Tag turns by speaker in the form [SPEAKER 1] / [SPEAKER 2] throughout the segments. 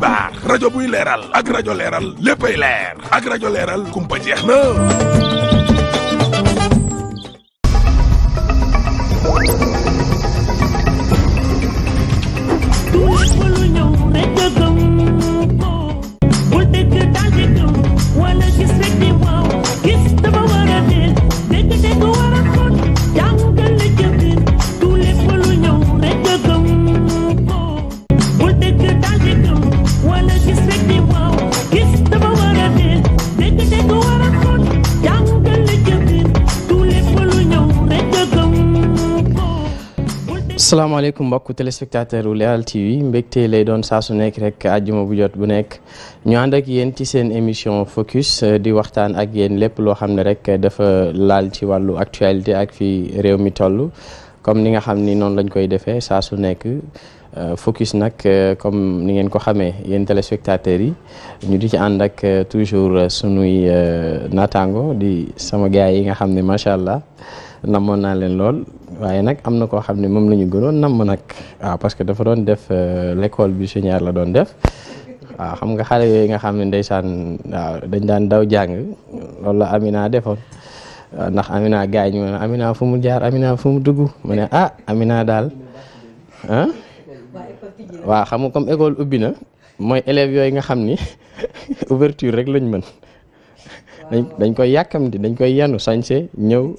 [SPEAKER 1] xibaar rajo buy leeral ak rajo leeral léppay leer ak rajo leeral kumpa jeex na
[SPEAKER 2] asalaamaaleykum mbokk téléspectateur u Leral TV mbégte lay doon saa su nekk rek àjjuma bu jot bu nekk ñu ànd ak yéen ci seen émission focus euh, di waxtaan ak yéen lépp loo xam ne rek dafa laal ci wàllu actualité ak fi réew mi toll comme ni nga xam ni noonu lañ koy defee saa su nekk euh, focus nag euh, comme ni ngeen ko xamee yéen téléspectateurs yi ñu di ci ànd ak toujours sunuy naataango di sama gars yi nga xam ni macha allah. namoon naa leen lool waaye nag am na koo xam ne moom la ñu gënoon namm nag waaw ah, parce que dafa doon def euh, l'école buissonnière la doon def waaw ah, xam nga xale yooyu nga xam ne ndeysaan waaw dañ daan daw jàng loolu la Amina defoon ah, ndax Amina gaañ ma ne Amina fu mu jaar Amina fu mu dugg mu ne ah Amina daal ah waaw xam kom école ubbi na mooy élèves yooyu nga xam ni ouverture rek lañ mën dañ koy yàkkamti dañ koy yenu sañse ñëw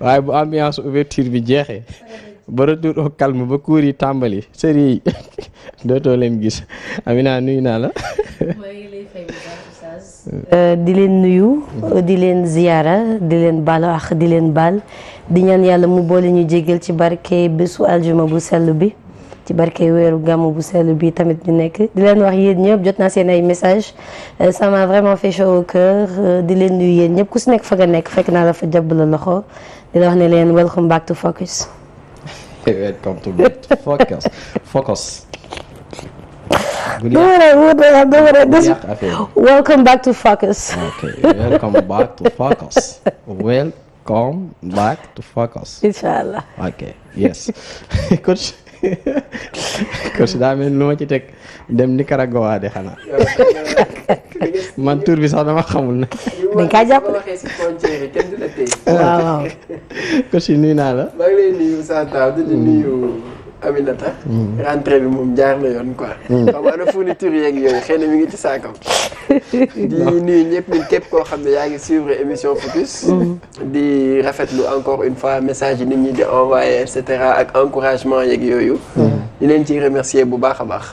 [SPEAKER 2] waaye bu ambiance ouverture bi jeexee ba retour au ba cours yi tàmbali série yi dootoo leen gis Amina nuyu naa la.
[SPEAKER 3] Euh, di leen nuyu di leen ziyaara di leen baal wax di leen baal di ñaan yàlla mu boole ñu jégal ci barke bésu aljuma bu sell bi. ci barke weeru gàmmu bu sell bi tamit ñu nekk di leen wax yéen ñëpp jot na seen ay message sama euh, m'a vraiment fait euh, di leen nu yéen ñëpp ku si nekk fa nekk fekk naa la fa jàpp la loxo di leen welcome back to focus.
[SPEAKER 2] welcome to coach daa mel lu ma ci teg dem Nicaragua de xanaa man tur bi sax dama xamul na dañ jàpp waaw waaw coach nuyu naa la
[SPEAKER 1] Aminata. Mm. rentrée bi moom jaar na yoon quoi. Mm. xam nga fourniture yeeg yooyu xëy na mi ngi ci saakam.
[SPEAKER 2] di nuyu
[SPEAKER 1] ñëpp ñun képp koo xam ne yaa ngi suivre émission Focus. Mm. di rafetlu encore une fois message yi nit ñi di envoyé et cetera ak encouragement yeeg yooyu. di leen ciy remercier bu baax a baax.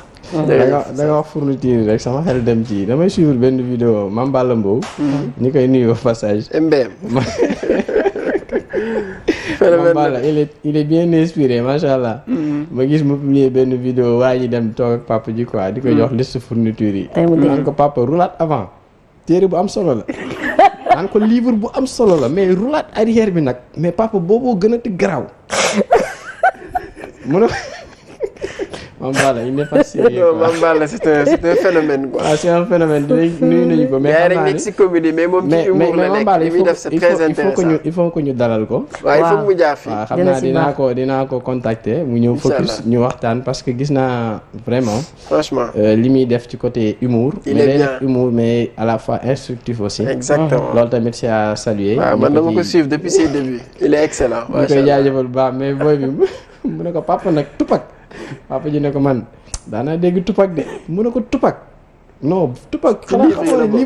[SPEAKER 1] danga
[SPEAKER 2] danga wax fourniture rek sama xel dem ci damay suivre benn vidéo Mame Balla Mbow. ñu koy nuyu au passage. MBM. moom Balla il est il est bien inspiré allah. Mm-hmm. ma gis mu benn vidéo waa ji dem toog ak papa ji quoi ko mm-hmm. jox liste fourniture yi. naan ko papa roulade avant. téere bu am solo la. naan ko livre bu am solo la mais roulade arrière bi nag mais papa booboo gën a te garaaw. Mambala il n'est pas sérieux non Mambala c'est un c'est un c'est un phénomène dinañ nuyu nañu ko. mais xam naa ne que ñu dalal ko. waaw il mu
[SPEAKER 1] jaar fii. xam naa dinaa
[SPEAKER 2] ko dinaa ko contacter mu ñëw focus ñu waxtaan parce que gis naa vraiment. franchement euh, li muy def ci côté humour. mais à la fois instructif aussi. exactement loolu tamit c'est à saluer. waaw man dama mais booy bi mu ne ko papa nag tupak. papa ji ne ko man daanaa dégg tuppak de mu ne ko tuppak no Tupac xanaa bi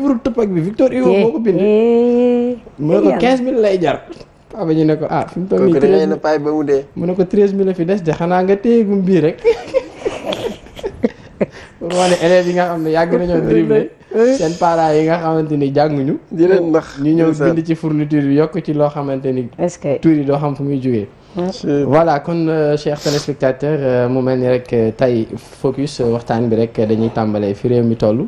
[SPEAKER 2] Victor Hugo eh, moo ko bind eh. mu ne ko quinze mille lay jar papa ji ne ko ah fi mu toll nii treize mille pay ba mu dee mu ne ko treize mille la fi des de xanaa nga téyegum bii rek pour wane élèves nga xam ne yàgg nañoo dribble eh. seen parents yi nga xamante ni jànguñu di leen ndax ñu ñëw bind ci fourniture bi yokk ci loo xamante ni est-ce doo xam fu muy jógee voilà kon euh, chers téléspectateurs euh, mu mel ni rek euh, tey focus waxtaan bi rek dañuy tàmbalee fi réew mi toll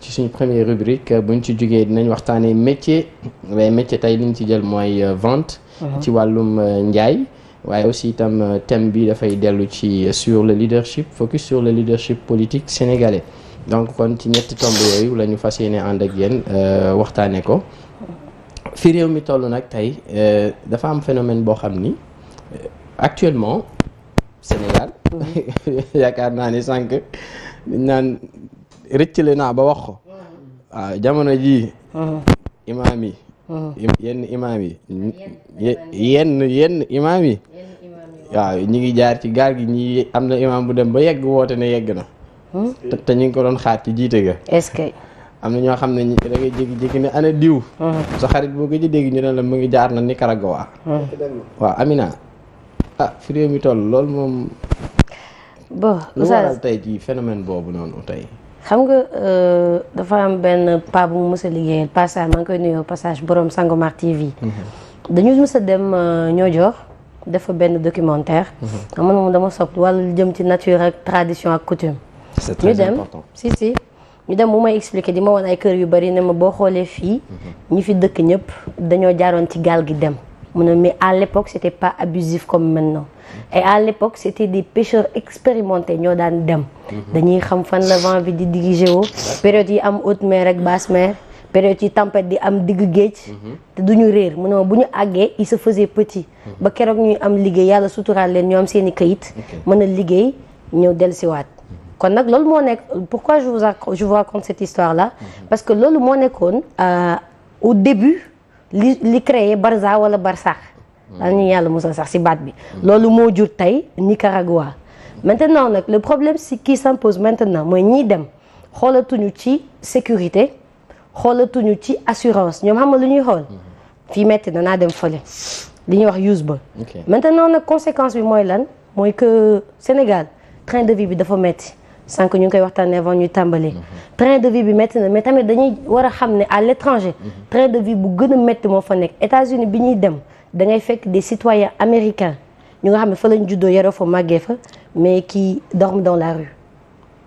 [SPEAKER 2] ci suñu première rubrique ñu ci jógee dinañ waxtaanee métier waaye métier tey li ñu ci jël mooy vente. Mhm. ci wàllum njaay. waaye aussi itam thème bi dafay dellu ci sur le leadership focus sur le leadership politique sénégalais donc kon ci ñetti tomb yooyu lañu ñu fas yéene ànd ak yéen waxtaanee ko. fi réew mi toll nag tey dafa am phénomène boo xam ni. actuellement Sénégal mhm. yaakaar naa ni sànq naan rëccale naa ba wax ko waaw jamono jii mhm. imaam yi mhm. yenn imaam yi yenn yenn imaam yi waaw ñi ngi jaar ci gaal gi ñi am na imaam bu dem ba yegg woote ne yegg na hmm? te ñu ngi ko doon xaar ci jiite ga est que am na ñoo xam ne da ngay jékki-jékki ne ana diw hmm. sa xarit boo ko ci dégg ñu ne la mu ngi jaar na Nicaragua
[SPEAKER 4] hmm.
[SPEAKER 2] waaw Amina ah fi réew loolu moom.
[SPEAKER 3] bon
[SPEAKER 4] lu waral
[SPEAKER 2] tey jii phénomène boobu noonu tey.
[SPEAKER 3] xam nga euh, dafa am benn pa bu mu mës a liggéeyal passage maa ngi koy nuyoo passage borom Sangomar TV. Mhm. dañu mës a dem ñoo jox dafa benn documentaire. Mhm. xam moom dama sopp wàllu jëm ci nature ak tradition ak coutume. c'est ñu dem si si. ñu dem bu may expliquer di ma woon ay kër yu bari ne ma boo xoolee fii. Mhm. ñu fi dëkk ñëpp dañoo jaaroon ci gaal gi dem. mais à l'époque c'était pas abusif comme maintenant et à l'époque c'était des pêcheurs expérimentés ñoo daan dem mhm. dañuy xam fan la vent bi di diriger woo période yi am haute mer ak basse mer période yi tempête di am digg géej mhm. te duñu réer mu ne ma bu ñu àggee il se faisait petit mhm. ba keroog ñuy am liggéey yàlla suturaal leen ñu am seen i kayit mën a liggéey ñëw dellusiwaat kon nag loolu moo nekk je vous je vous raconte cette histoire là parce que loolu euh, début li li créé Barza wala Barsax. daal hmm. ñu yàlla musal sax si baat bi. loolu moo jur tey Nicaragua. maintenant nag le problème si qui s'impose maintenant mooy ñiy dem xoolatuñu ci sécurité xoolatuñu ci assurance ñoom xam nga lu ñuy xool. Hmm. fii metti na naa dem fële. li ñuy wax use ba. maintenant nag conséquence bi mooy lan mooy que Sénégal train de vie bi dafa metti sànq ñu ngi koy waxtaanee avant ñuy tàmbali. train de vie bi métti na mais tamit dañuy war a xam ne à l' étranger. de vie bu gën a métti moo fa nekk États-Unis bi ñuy dem da ngay fekk des citoyens américains ñu nga xam ne fa lañ juddoo yaroo fa màggee fa mais qui dorment dans la rue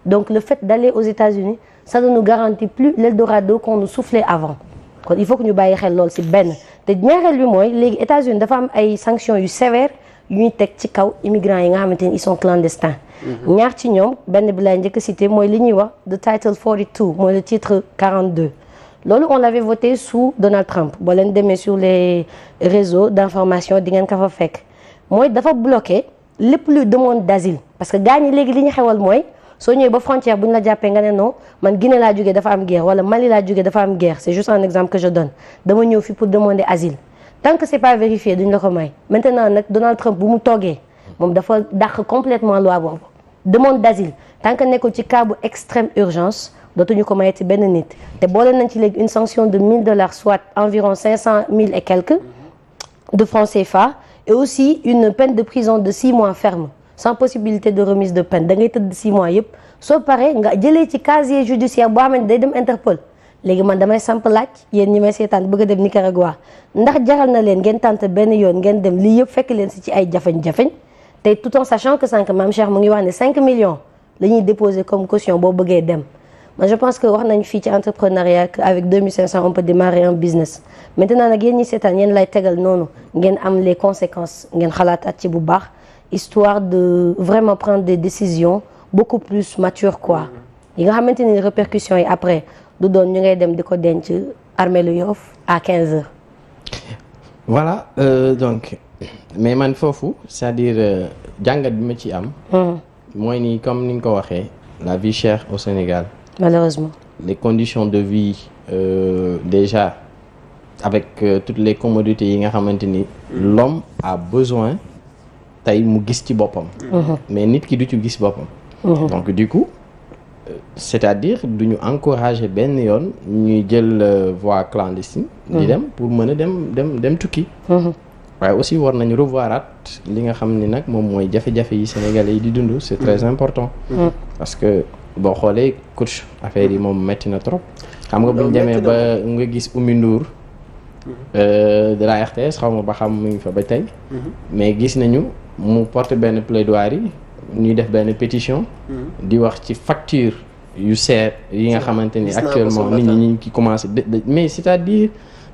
[SPEAKER 3] donc le fait d' aller aux États-Unis ça ne nous garantit plus l' Eldorado qu'on nous soufflait avant. kon il faut que ñu bàyyi xel lool ci benn te ñaareel bi mooy léegi États-Unis dafa am ay sanctions yu sévères. ñuy teg ci kaw immigrants yi nga xamante ni ils sont clandestins. Mhm. ñaar ci ñoom benn bi laay njëkk cité mooy li ñuy wax the title 42 mooy le titre 42. loolu on l'avait voté sous Donald Trump boo leen demee su les réseaux d'information di ngeen ko fa fekk mooy dafa bloqué lépp luy demande d'asile parce que gaa ñi léegi li ñu xewal mooy soo ñëwee ba frontière bu ñu la jàppee nga ne non man Guinée laa jógee dafa am guerre wala Mali laa jógee dafa am guerre c'est juste un exemple que je donne dama ñëw fi pour demander asile tant que c'est pas vérifié duñ la ko may maintenant nag Donald Trump bu mu toogee moom dafa dàq complètement loi boobu demande d'asile tant que nekkul ci cas bu extrême urgence dootuñu ko mayati benn nit te boole nañ ci léegi une sanction de 1000 dollars soit environ 500 000 et quelques de francs CFA et aussi une peine de prison de 6 mois ferme sans possibilité de remise de peine da ngay tëdd 6 mois yëpp soo paree nga jëlee ci casier judiciaire boo xamante day dem Interpol léegi man damay samp laaj yéen ñi may seetaan bëgg a dem Nicaragua ndax jaral na leen ngeen tànt benn yoon ngeen dem lii yëpp fekk leen si ci ay jafeñ-jafeñ te tout en sachant que sànq maam Cheikh mu ngi wax ne 5 millions la ñuy déposé comme caution boo bëggee dem man je pense que wax nañ fii ci entrepreneuriat que avec 2500 on peut démarrer un business maintenant nag yéen ñi seetaan yéen lay tegal noonu ngeen am les conséquences ngeen xalaataat ci bu baax histoire de vraiment prendre des décisions beaucoup plus matures quoi yi nga xamante ni répercussions yi après du doon ñu ngay dem di ko denc armée lu Yoff à 15 heures.
[SPEAKER 2] voilà euh, donc mais man foofu c'est-à-dire euh, jàngat bi ma ci am. Hmm. mooy nii comme ni nga ko waxee la vie chère au Sénégal. malheureusement. les conditions de vie euh, déjà avec euh, toutes les commodités yi nga xamante ni l'homme a besoin tey mu gis ci boppam. Hmm. mais nit ki du ci gis boppam. Hmm. du coup. c'est-à-dire du ñu encourager benn yoon ñuy jël euh, voie clandestine. di mm-hmm. dem pour mën a dem dem dem tukki. Mm-hmm. waaye aussi war nañu revoiraat li nga xam ni nag moom mooy jafe-jafe yi Sénégalais yi di dund c'est très mm-hmm. important. parce que boo xoolee coach affaire yi moom metti na trop. xam nga bu ñu demee ba nga gis Oumy Ndour euh, de la RTS xaw ma ba xam mu ngi fa ba tey. mais gis nañu mu porte benn yi ñuy def benn pétition. Hmm. di wax ci facture yu seer yi nga xamante ni actuellement nit ñi ñu ngi commencé mais c'est-à-dire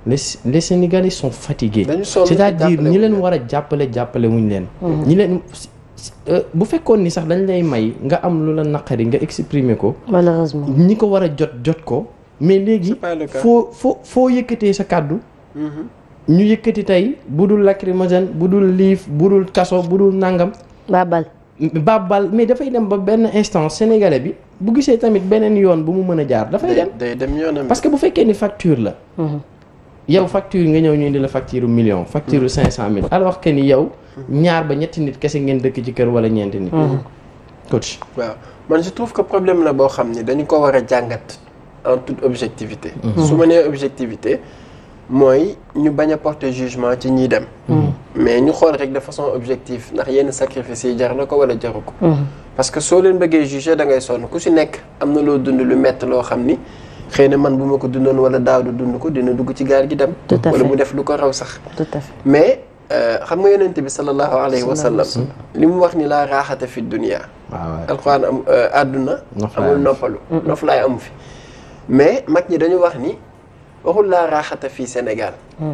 [SPEAKER 2] les les Sénégalais sont fatigués. c'est-à-dire ñi leen war a jàppale jàppale wuñ leen. Hmm. ñi leen euh, bu fekkoon ni sax dañ lay may nga am lu la naqari nga exprimer ko. malheureusement ñi ko war a jot jot ko. mais léegi foo foo foo yëkkatee sa kàddu. Hmm. ñu yëkkati tey bu dul lacrymogène bu dul liif bu dul kaso bu dul nangam. baabal. bàbbal mais dafay dem ba benn instant sénégalais bi bu gisee tamit beneen yoon bu mu mën a jaar. dafay dem day dem yoonam parce que bu fekkee ni facture la. Mhm. yow facture nga ñëw ñu indi la facture million facture mhm. cinq cent mille alors que ni yow mhm. ñaar ba ñetti nit kese ngeen dëkk ci kër wala ñeenti nit coach
[SPEAKER 1] waaw man je trouve que problème la boo xam ne dañu ko war a jàngat en toute objectivité su ma nee objectivité mooy ñu bañ a porter jugement ci ñiy dem. Mm. mais ñu xool rek de façon objective ndax yenn sacrifice yi jar na ko wala jaru ko. Mm. parce que soo leen bëggee juger da ngay sonn ku si nekk am na loo dund lu mett loo xam ni xëy na man bu ma ko dundoon wala daaw du dund ko dina dugg ci gaal gi dem. wala mu def lu ko raw sax. mais euh, xam nga yonent bi sallallahu alayhi wa sallam. li mu wax ni laa raaxata fi dunia. waaw alxuraan am euh, àdduna. amul noppalu noflaay amu fi. mais mag ñi dañu wax ni. waxul laa raaxata fii Sénégal. cest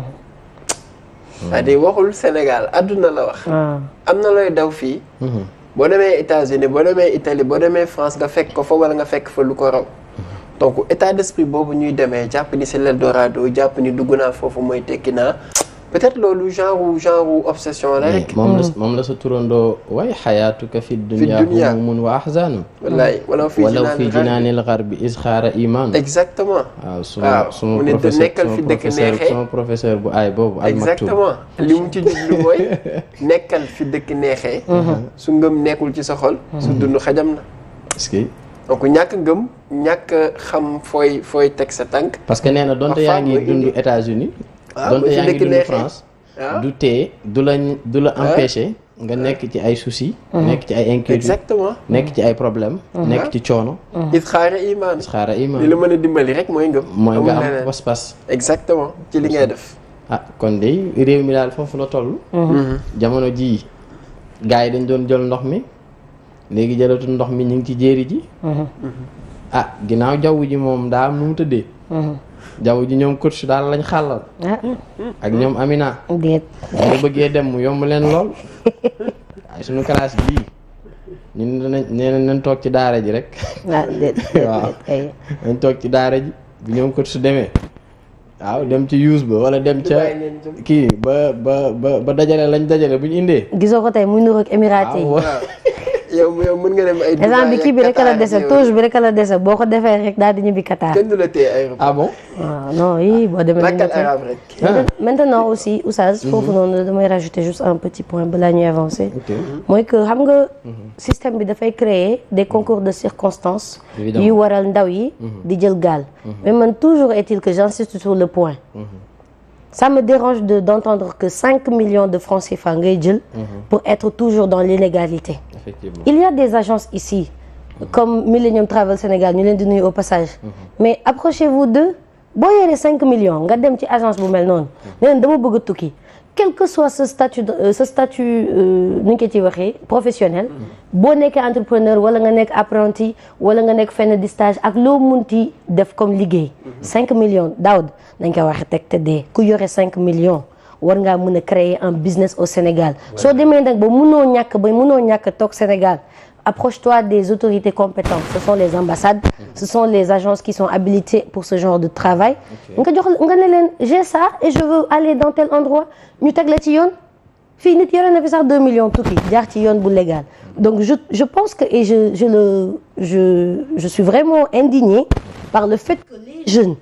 [SPEAKER 1] mm-hmm. à waxul Sénégal àdduna la wax. Ah. am na looy daw fii. Mm-hmm. boo demee États-Unis boo demee Italie boo demee France nga fekk ko fa wala nga fekk fa lu ko raw. Mm-hmm. donc état d'esprit boobu ñuy demee jàpp ni c'est l'Eldorado jàpp ni dugg naa foofu mooy tekki naa. peut-être loolu genre genre obsession la rek. moom la hmm.
[SPEAKER 2] moom la sa turandoo way xayaatuka fi dunya humumun wa ahzanun. wallaay fi jinaanil walaw gharbi is xaara
[SPEAKER 1] exactement
[SPEAKER 2] waaw ci
[SPEAKER 1] nekkal fi dëkk neexee. Hmm. su ngëm nekkul ci sa xol. su hmm. dund xajam na. est-ce que. ñàkk ngëm ñàkk xam fooy fooy teg sa tànk.
[SPEAKER 2] parce que nee na yaa ngi dund États-Unis
[SPEAKER 1] Ah, donte yaa ngi dund France
[SPEAKER 2] ah. du tee du la du la ah. nga nekk ci ay soucis. Mhm. nekk ci ay inquiétudes nekk ci ay problèmes. Mhm. nekk ci coono. Mhm. isxaara imaan isxaara imaan
[SPEAKER 1] a dimbali rek mooy ngëm.
[SPEAKER 2] mooy nga am pas-pas.
[SPEAKER 1] exactement ci li ngay def.
[SPEAKER 2] ah kon de réew mi daal foofu la toll. jamono jii gars yi dañ doon jël ndox mi léegi jëlatul ndox mi ñu ngi ci jéeri ji. ah ginnaaw jaww ji moom daa am nu mu tëddee. jaww ji ñoom su daal lañ xàllal. Ah. ak ñoom Amina. déet bu bëggee dem mu yomb leen lool. waaye suñu classe bii ñun dinañ nañ toog ci daara ji rek. ah nañ toog ci daara ji bu ñoom su demee. waaw dem ci use ba wala dem ca kii ba ba ba dajale lañ dajale bu ñu indee.
[SPEAKER 3] gisoo ko tey muy niróo ak yi.
[SPEAKER 1] yow yow mën nga dem ay. Dubaay bi kii bi rek la dese
[SPEAKER 3] touche bi rek la dese boo ko defee rek daal di ñibbi Qatar. kenn
[SPEAKER 1] du la téye aéroport. ah bon
[SPEAKER 3] waaw ah, non yii boo demee. rek ah. maintenant aussi Oustaz. Mhm. foofu noonu damay rajouter juste un petit point balaa ñuy avancer. mooy que xam nga. Mhm. système bi dafay créer des concours de circonstances. yu waral ndaw yi. Mhm. di jël gaal. mais man toujours est-il que j'insiste sur le point. ça me dérange de d'entendre que 5 millions de francs CFA ngay jël mhm. pour être toujours dans l'illégalité effectivement il y a des agences ici mhm. comme Millennium Travel Sénégal ñu leen di nuyu au passage mhm. mais approchez-vous d'eux boo yoree 5 millions nga dem ci agence bu mel noonu ne leen dama bëgg a tukki quel que soit sa statut sa euh, statut euh, nu ñu ko ci waxee professionnel boo nekkee entrepreneur wala nga nekk apprenti wala nga nekk fenn di stage ak loo munti def comme liggéey cinq millions Daoud dañ ko waxe teg te dee ku yore cinq millions war ngaa mën a créer un business au Sénégal soo demee nag ba munoo ñàkk ba munoo ñàkk toog Sénégal approche-toi des autorités compétentes ce sont les ambassades ce sont les agences qui sont habilitées pour ce genre de travail nga jox nga ne leen j'ai ça et je veux aller dans tel endroit ñu teg la ci yoon fii nit yore na fi sax deux millions tukki jaar ci yoon bu légal donc je je pense que et je je le je je suis vraiment indignée par le fait que les jeunes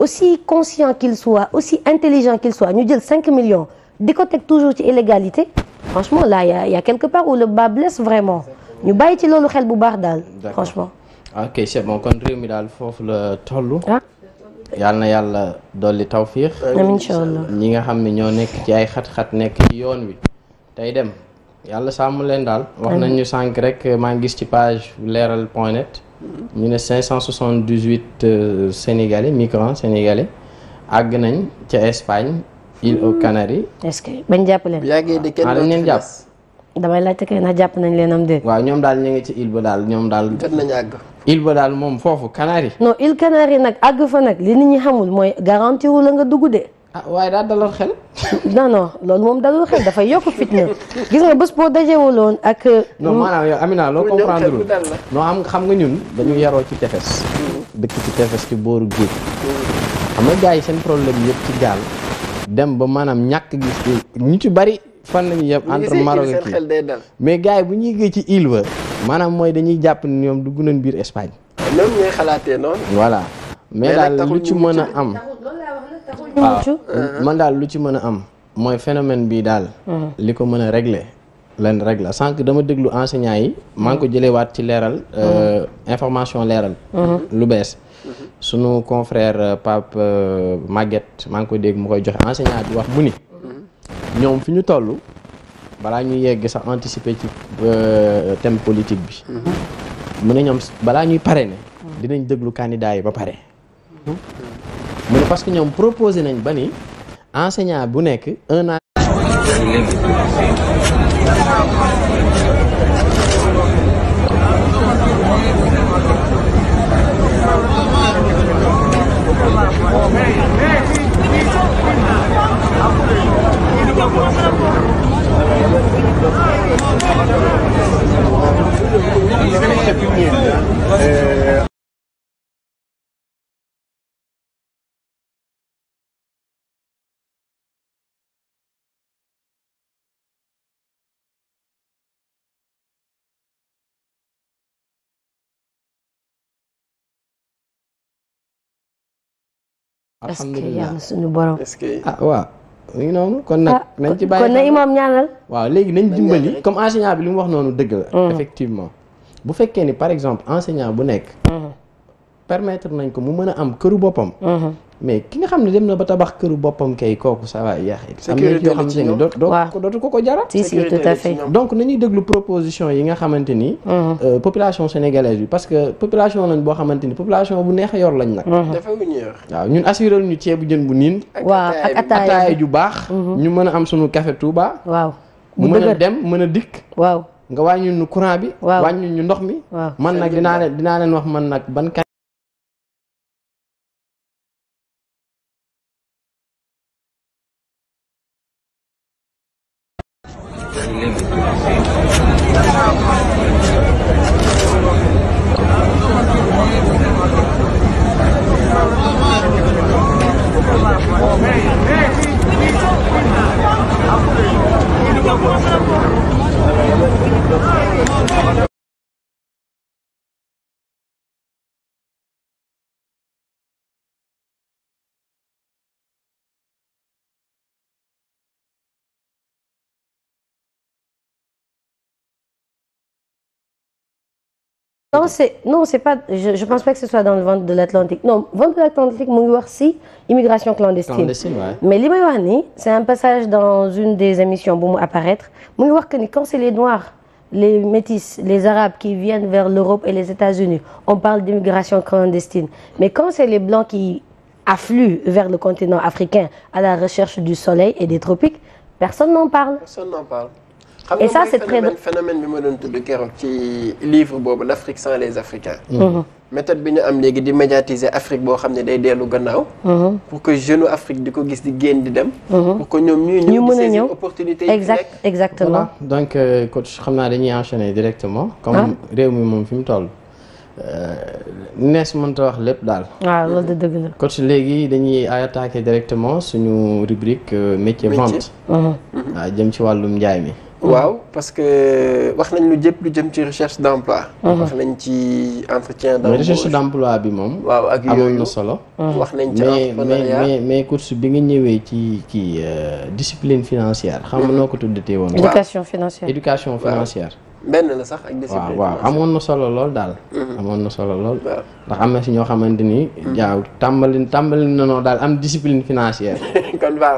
[SPEAKER 3] aussi conscients qu'ils soient aussi intelligents qu'ils soient ñu jël cinq millions di ko teg toujours ci illégalité franchement là y a y a quelque part où le bas blesse vraiment ñu bàyyi ci loolu xel bu baax daal. franchement.
[SPEAKER 2] ok c'est daal foofu la toll. Ah. yàlla na yàlla dolli tawfiix. amiin incha ñi nga xam ne ñoo nekk ci ay xat-xat nekk ci yoon wi. tey dem yàlla sàmm leen daal. wax nañ ñu sànq rek maa ngi gis ci page leeral point net. ñu ne 578 euh, sénégalais migrants sénégalais àgg nañ ca Espagne. île aux Canaries. est-ce que bañ jàpp leen. yaa ngi ah, leen jàpp. damay laajte kay na jàpp nañ leen am déet. waaw ñoom daal ñu ngi ci île ba daal ñoom daal. jot nañu àgg. île ba daal moom foofu Canaries. non île Canaries nag àgg fa nag li nit ñi xamul mooy garanti wu la
[SPEAKER 3] nga dugg de. ah waaye daal dalal xel. non non loolu moom dalal xel dafay yokk fitna gis nga bés boo dajewuloon ak. Euh, non maanaam yow Amina loo comprendre lul
[SPEAKER 2] non am xam nga ñun dañu yaroo ci tefes. Mm. dëkk ci tefes ci booru géej. Mm. xam nga gars yi seen problème yëpp ci gaal. dem ba maanaam ñàkk gis ñu ci bari fan la ñuy yem entre Maroc mais gars yi bu ñuy yëgee ci île ba maanaam mooy dañuy jàpp ñoom dugg nañ biir Espagne.
[SPEAKER 1] même ñooy xalaatee noonu.
[SPEAKER 2] mais daal lu ci mën a am. Ah. man daal lu ci mën a am. mooy phénomène bii daal. Mm-hmm. li ko mën a régler leen régler sànq dama déglu enseignant yi. maa ko ko waat ci leeral. Mm-hmm. Euh, information leeral. Mm-hmm. lu bees. sunu confrère euh, Pape euh, Maguette maa ko dégg mu koy joxe enseignant bi wax bu ni. ñoom fi ñu toll balaa ñuy yegg sax anticiper ci euh, thème politique bi. Mm-hmm. mu ne ñoom balaa ñuy pare parrainer. Mm-hmm. dinañ déglu candidat yi ba pare. Mm-hmm. mu ne parce que ñoom proposé nañ ba ni enseignant bu nekk un an.
[SPEAKER 4] non c'è più niente. Eh, alhamdulilah est-ce que yàlla suñu
[SPEAKER 2] borom. est-ce que ah waaw. ñu noonu kon na ah, nañ ci bàyyi kon na imaam ñaanal waaw léegi nañ dimbali comme enseignant bi li mu wax noonu dëgg la mm. effectivement bu fekkee ni par exemple enseignant bu nekk mm-hmm. permettre nañ ko mu mën a am këru boppam mm-hmm. mais ki nga xam ne dem na ba tabax këru boppam kay kooku ça va yéex. sécurité am na yoo xamante ni doo dootu ko ko jaral. si si tout à donc nañuy déglu proposition yi nga xamante ni. Mm-hmm. Euh, population sénégalaise bi parce que population lañ boo xamante ni population bu neex a yor lañ nag. Mm-hmm. dafa waaw ñun assuré ñu ceebu jën bu niin. waaw ak ataaya ju baax. Mm-hmm. ñu mën a am suñu café Touba. waaw mën a dem mën a dikk. waaw nga wàññil ñu courant bi. waaw wàññil ñu
[SPEAKER 3] non c'est non c'est pas je, je pense pas que ce soit dans le ventre de l'Atlantique non ventre de l'Atlantique mu ngi wax ci immigration clandestine, clandestine ouais. mais li may wax ni c'est un passage dans une des émissions bu mu apparaître mu ngi wax que ni quand c'est les noirs les métis les arabes qui viennent vers l'Europe et les États-Unis on parle d'immigration clandestine mais quand c'est les blancs qui affluent vers le continent africain à la recherche du soleil et des tropiques personne n'en parle
[SPEAKER 1] personne n'en parle et sa c'est très phénomène bi ma doon tudd keroog ci livre boobu l'Afrique sans les Africains. Mm-hmm. Mm-hmm. méthode bi ñu am léegi di médiatiser Afrique boo xam ne day dellu gannaaw. Mm-hmm. pour que jeune Afrique di ko gis di génn di dem.
[SPEAKER 3] pour
[SPEAKER 2] que ñoom ñuy
[SPEAKER 1] ñëw di saisir opportunité yi exact
[SPEAKER 2] exactement euh, xam naa dañuy directement. comme ah. réew mi moom fi mu toll. Euh, nees mënta wax lépp daal. waaw ah, coach léegi dañuy attaquer directement suñu rubrique euh, métier vente. waaw ah, jëm ci wàllum njaay mi.
[SPEAKER 1] Mm-hmm. waaw parce que wax nañ lu jëpp lu jëm ci recherche d' emploi. Mm-hmm. wax nañ ci entretien d'
[SPEAKER 2] emploi. bi moom. waaw ak yooyu amoon na solo. Mm-hmm. wax nañ ci entrepreneuriat mais mais mais course bi nga ñëwee ci ci euh, discipline financière. xam nga noo ko tudd tuddatee woon. éducation financière éducation financière.
[SPEAKER 1] benn la sax ak discipline waaw waaw
[SPEAKER 2] amoon na solo lool daal. Mm-hmm. amoon na na si ñoo xamante ni. Mm-hmm. jaaw tàmbali tàmbali na noo daal am discipline financière. kon a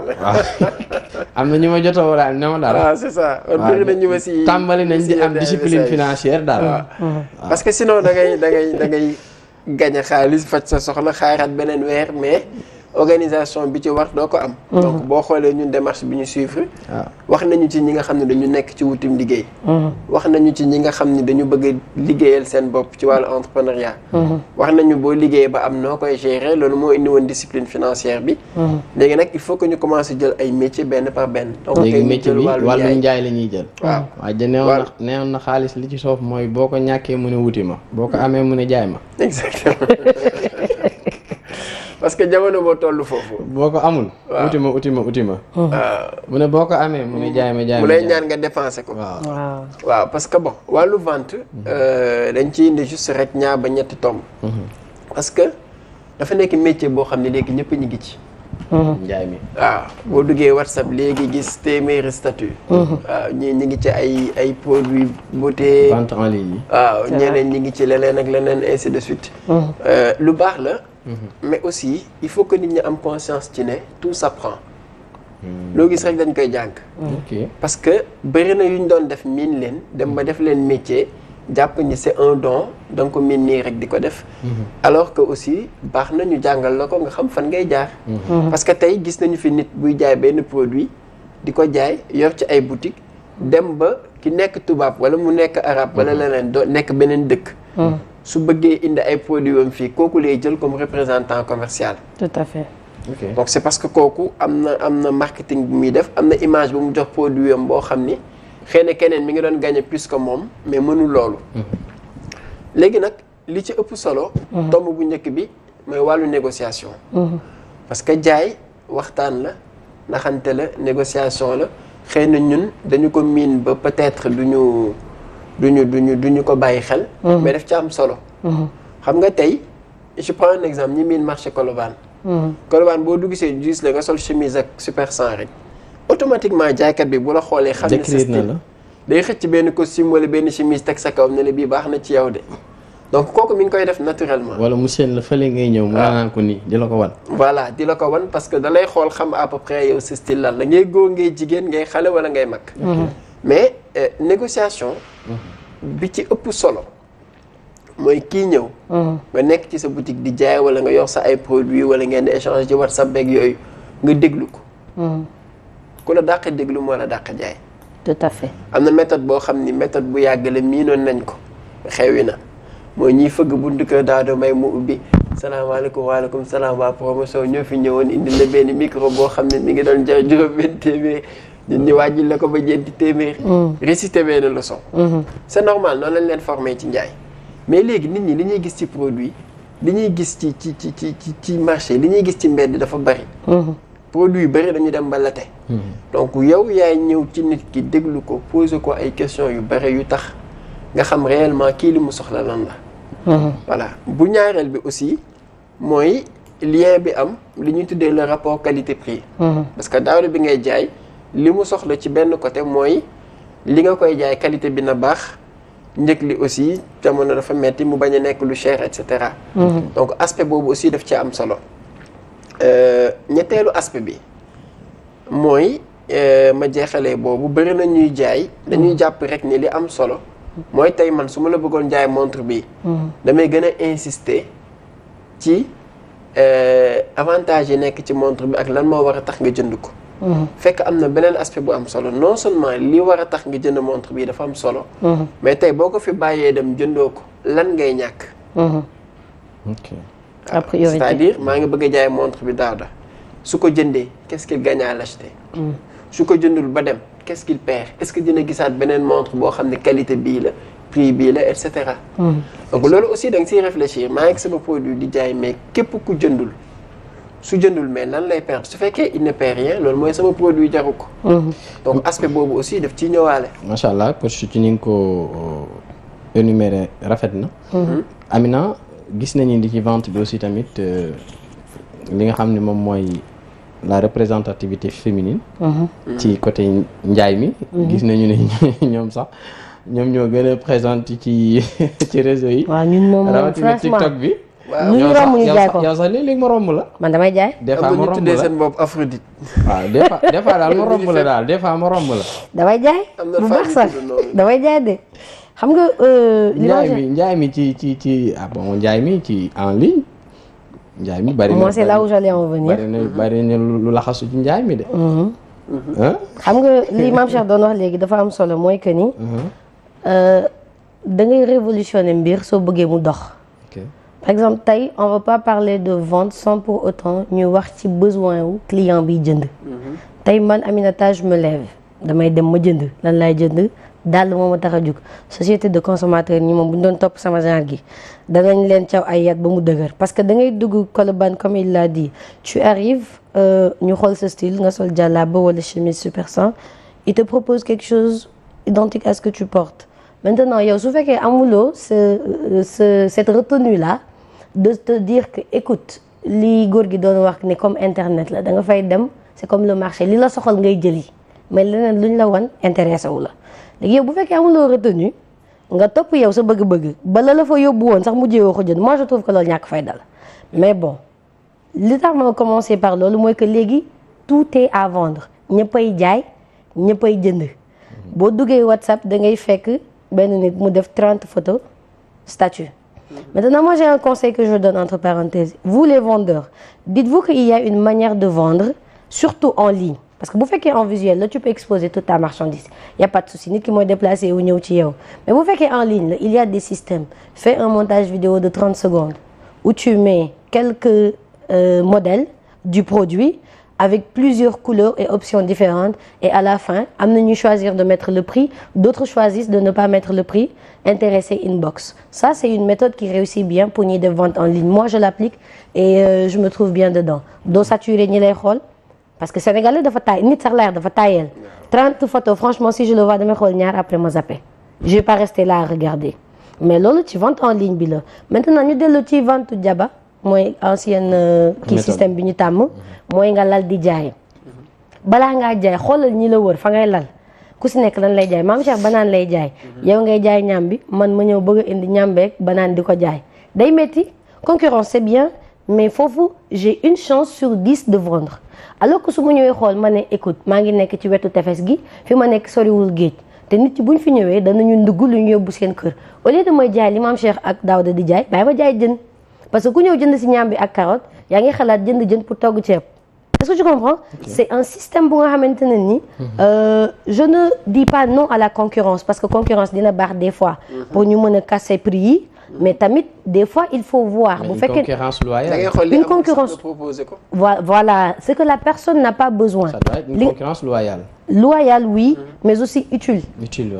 [SPEAKER 2] a ne ma daal. Ah, waaw
[SPEAKER 1] c'est na ñu ma si. tàmbali
[SPEAKER 2] nañ di am discipline financière daal. waaw
[SPEAKER 1] parce que sinon da ngay da ngay da ngay gañe xaalis faj sa soxla xaaraat beneen weer mais. organisation bi ci war doo ko am. Mhm. donc boo xoolee ñun démarche bi ñu suivre. Ah. wax nañu ci ñi nga xam ne dañu nekk ci wutim liggéey. Mhm. wax nañu ci ñi nga xam ne dañu bëgg liggéeyal seen bopp ci wàllu entrepreneuriat. Mhm. wax nañu boo liggéeyee ba am noo koy gérer loolu moo indi woon discipline financière bi. léegi nag il faut que ñu commencé jël ay métiers benn par benn. donc léegi métier bi wàllu njaay
[SPEAKER 2] la ñuy jël. waaw waaw neewoon na neewoon na xaalis li ci soof mooy boo ko ñàkkee mu ne wuti ma boo ko amee mu ne jaay ma.
[SPEAKER 1] parce que jamono boo toll foofu.
[SPEAKER 2] boo ko amul. waaw uti ma uti ma oh. ah. mu ne boo ko amee mu ne jaay ma jaay ma mu lay ñaan
[SPEAKER 1] nga dépensé ko. waaw parce que bon wàllu vente. Mhm. Euh, dañ ci indi juste rek ba ñetti tomb. Mhm. parce que dafa nekk métier boo xam ne léegi ñëpp ñu ngi ci.
[SPEAKER 2] Mhm. njaay mi
[SPEAKER 1] waaw ah, boo duggee whatsapp léegi gis téeméeri statut waaw ah, ñii ñi ngi ci ay ay produits beauté. vente en ligne yi. waaw ñeneen ñi ngi ci leneen ak leneen ainsi de suite. Euh, lu baax la. Mm-hmm. mais aussi il faut que nit ñi am conscience ci ne tout s'apprend mm. loo gis rek dañ koy jàng. Mm-hmm. parce que bëri na yu ñu doon def miin leen dem ba def leen métier jàpp ni c'est un don donc ko miin nii rek di ko def. Mm-hmm. alors que aussi baax na ñu jàngal la ko nga xam fan ngay jaar. parce que tey gis nañu fi nit buy jaay benn produit di ko jaay yor ci ay boutique dem ba ki nekk tubaab wala mu nekk arab la leen doo nekk beneen dëkk. su bëggee indi ay produits am fii kooku lay jël comme représentant commercial. tout à fait. donc c'est parce que kooku am na am na marketing bu muy def am na image bu mu jox produit am boo xam ni xëy na keneen mi ngi doon gagner plus que moom mais mënul loolu. Mhm. léegi nag li ci ëpp solo. Mhm. tomb bu njëkk bi mooy wàllu négociation. Mmh. parce que jaay waxtaan la naxante la négociation la xëy na ñun dañu ko miin ba peut-être duñu. duñu duñu duñu ko bàyyi xel. Mhm. mais daf ci am solo. Mhm. xam nga tey je prends un exemple ñi miin marché Colobane. Mhm. Colobane boo dugg see gis la nga sol chemise ak super 100 rek automatiquement jaaykat bi bu la xoolee. xam ne système day xëcc benn costume wala benn chemise teg sa kaw ne la bii baax na ci yow de. donc kooku mi ngi koy def naturellement.
[SPEAKER 2] wala mu seen la fële ngay ñëw. waaw ah. maanaam ko nii di la ko wan.
[SPEAKER 1] voilà di la ko wan parce que da lay xool xam à peu près yow sa style lan la ngay góor ngay jigéen ngay xale mais euh, négociation. bi ci ëpp solo. mooy kii ñëw. nga nekk ci sa boutique di jaay wala nga yox sa ay produits wala ngeen di échanger ci WhatsApp beeg yooyu nga déglu ko. Hmm. ku la dàq déglu moo la dàq jaay. tout à fait am na méthode boo xam ni méthode bu yàgg la miinoon nañ ko xewi na mooy ñiy fëgg buntu kër Daado Mbaye mu ubbi salaamaaleykum waaleykum salaam waa promotion ñoo fi ñëwoon indi la benn micro boo xam ne mi ngi doon jaay juróom benn téeméer ñun ñu wàññil la ko ba ñeenti téeméeri. Mm. récité benn leçon. Mm-hmm. c'est normal noonu lañ leen formé ci njaay. mais léegi nit ñi li ñuy gis ci produit li ñuy gis ci ci ci ci ci marché li ñuy gis ci mbedd dafa bari. Mm-hmm. produit yu bari dañu dem ba late. Mm-hmm. donc yow yaay ñëw ci nit ki déglu ko poser ko ay questions yu bari yu tax nga xam réellement kii li mu soxla lan
[SPEAKER 4] la.
[SPEAKER 1] voilà bu ñaareel bi aussi mooy lien bi am li ñuy tuddee le rapport qualité prix. parce que daaw bi ngay li mu soxla ci benn côté mooy li nga koy jaay qualité bi na baax njëg li aussi jamono dafa metti mu bañ a nekk lu cher et cetera. Mhm. donc aspect boobu aussi daf ci am solo. Euh, ñetteelu aspe bi mooy euh, ma jeexalee boobu bëri na ñuy jaay dañuy mhm. jàpp rek ni li am solo. mooy tey man su ma la bëggoon jaay montre bi mhm. damay gën a insisté ci euh, avantage yi nekk ci montre bi ak lan moo war a tax nga jënd ko. fekk am na beneen aspect bu am solo non seulement li war a tax nga jënd montre bii dafa am solo. mais tey boo ko fi bàyyee dem jëndoo ko lan ngay ñàkk.
[SPEAKER 4] ok ah, a priori cest
[SPEAKER 1] à maa ngi bëgg a jaay montre bi daaw da su ko jëndee kes ki qu'il gagne su ko jëndul ba dem qu'est-ce qu'il perd est-ce que dina gisaat beneen montre boo xam ne qualité bii la. prix bii la et cetera.
[SPEAKER 4] Mm. donc loolu
[SPEAKER 1] aussi da nga siy réfléchir maa ngi sama produit di jaay mais képp ku jëndul. su jëndul mais lan lay per su fekkee il ne perd rien loolu mooy sama produit jaru ko. Mhm. donc aspect boobu aussi def ciy ñëwaale.
[SPEAKER 2] macha allah parce que ni nga ko euh, énuméré rafet na. Mhm. Amina gis nañu di ci vente bi aussi tamit euh, li nga xam ni moom mooy la représentativité féminine. Mhm. ci côté njaay mi. gis nañu ne ñoom sax. ñoom ñoo gën a présente ci réseau yi. waaw ñun moom TikTok bi. ñu ñu romb ñu jaay ko la.
[SPEAKER 3] man damay jaay. des
[SPEAKER 2] seen bopp Aphrodite. waaw des daal des fois ma romb damay jaay damay jaay de. xam nga. Euh, njaay mi ci ci ci ah bon mi ci en ligne. njaay mi bari na moi mhm. lu laxasu ci njaay mi mhm. Mhm.
[SPEAKER 3] xam nga li maam Cheikh doon léegi dafa am solo mooy que ni. Euh, da ngay mbir soo bëggee mu dox. par exemple tey on va pas parler de vente sans pour autant ñu wax ci besoin wu client bi jënd mhm. tey man Aminata je me lève damay dem ma jënd lan laay jënd daal moo ma tax jug société de consomateur ñi moom bu ñu doon topp sama genre gi danañ leen caw ay yat ba mu dëgër parce que da ngay dugg Colobane comme il l'a dit tu arrives euh, ñu xool sa style nga sol jàllaaba wala chemise super sang il te propose quelque chose identique à ce que tu portes maintenant yow su fekkee amuloo ce euh, ce cette retenue de te dire que écoute li góor gi doon wax ne comme internet la danga fay dem c'est comme le marché li la soxal ngay jëli mais leneen luñ la wan intéressé wu la léegi yow bu fekkee amuloo retenu nga topp yow sa bëgg-bëgg bala la fa yóbbu woon sax mujjee woo ko jënd moi je trouve que loolu ñàkk fay dal mais bon li tax ma commencé par loolu mooy que léegi tout est à vendre ñëppay jaay ñëppay jënd boo duggee WhatsApp da ngay fekk benn nit mu def 30 photos statut Mhm. Maintenant, moi, j'ai un conseil que je donne entre parenthèses. Vous, les vendeurs, dites-vous qu'il y a une manière de vendre, surtout en ligne. parce que bu fekkee en visuel la tu peux exposer toute ta marchandise il y a pas de souci nit ki mooy déplacé wu ñëw ci yow mais bu fekkee en ligne la il y a des systèmes fais un montage vidéo de 30 secondes où tu mets quelques euh, modèles du produit avec plusieurs couleurs et options différentes et à la fin am na ñu choisir de mettre le prix d'autres choisissent de ne pas mettre le prix intéresser inbox ça c'est une méthode qui réussit bien pour ñuy def vente en ligne moi je l'applique et euh, je me trouve bien dedans doo saturer ñi lay xool parce que sénégalais dafa taay nit sax leer dafa taayeel 30 photos franchement si je le vois damay xool ñaar après ma zappe je vais pas rester là à regarder mais loolu ci vente en ligne bi la maintenant ñu dellu ci vente jaba mooy ancienne euh, kii système bi ñu tàmm mooy nga lal di jaay balaa ngaa jaay xoolal ñi la wër fa ngay lal ku si nekk lañ lay jaay maam Cheikh banaan lay jaay mhm. yow ngay jaay ñaam bi man ma ñëw bëgg indi ñaam beeg banaan di ko jaay day metti concurrence c'est bien mais foofu j'ai une chance sur dix de vendre alors que su ma ñëwee xool ma ne écoute maa ngi nekk ci wetu tefes gi fi ma nekk soriwul géej te nit ci buñ fi ñëwee danañu ndugg lu ñu yóbbu seen kër au lieu de may jaay Cheikh ak Daouda di jaay parce que ku ñëw jënd si ñaam bi ak carotte yaa ngi xalaat jënd jën pour togg ceeb est-ce que tu comprends c'est un système bu nga xamante ne ni mhm. euh, je ne dis pas non à la concurrence parce que concurrence dina baax des fois mhm. pour ñu mën a casser prix yi mhm. mais tamit des fois il faut voir bu fekkee une concurrence voilà c'est que la personne n'a pas besoin ça doit être une concurrence loyale loyale oui mais aussi utile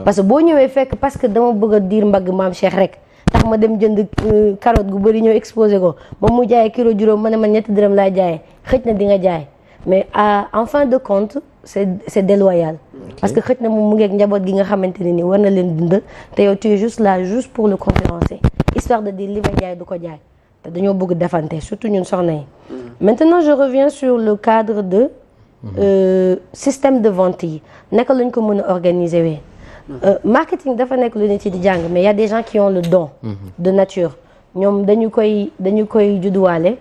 [SPEAKER 3] parce que boo ñëwee fekk parce que dama bëgg a diir mbagg maam Cheikh rek tax ma dem jënd euh, carotte gu bëri ñëw exposé ko ma mu jaayee kilo juróom ma ne man ñetti dërëm laay jaayee xëj na di nga jaay mais en fin de compte c'est c'est déloyal parce que xëj na moom mu ngeeg njaboot gi nga xamante ne ni war na leen dund te yow tu es juste là pour le conférencier histoire de dire li may jaay du ko jaay te dañoo bëgg defante surtout ñun soxna yi mm. maintenant je reviens sur le cadre de mm-hmm. euh, système de vente yi naka lañ ko mën a organiser wee Euh, marketing dafa nekk lu nit di jàng mais y a des gens qui ont le don. de nature ñoom dañu koy dañu koy judduwaale.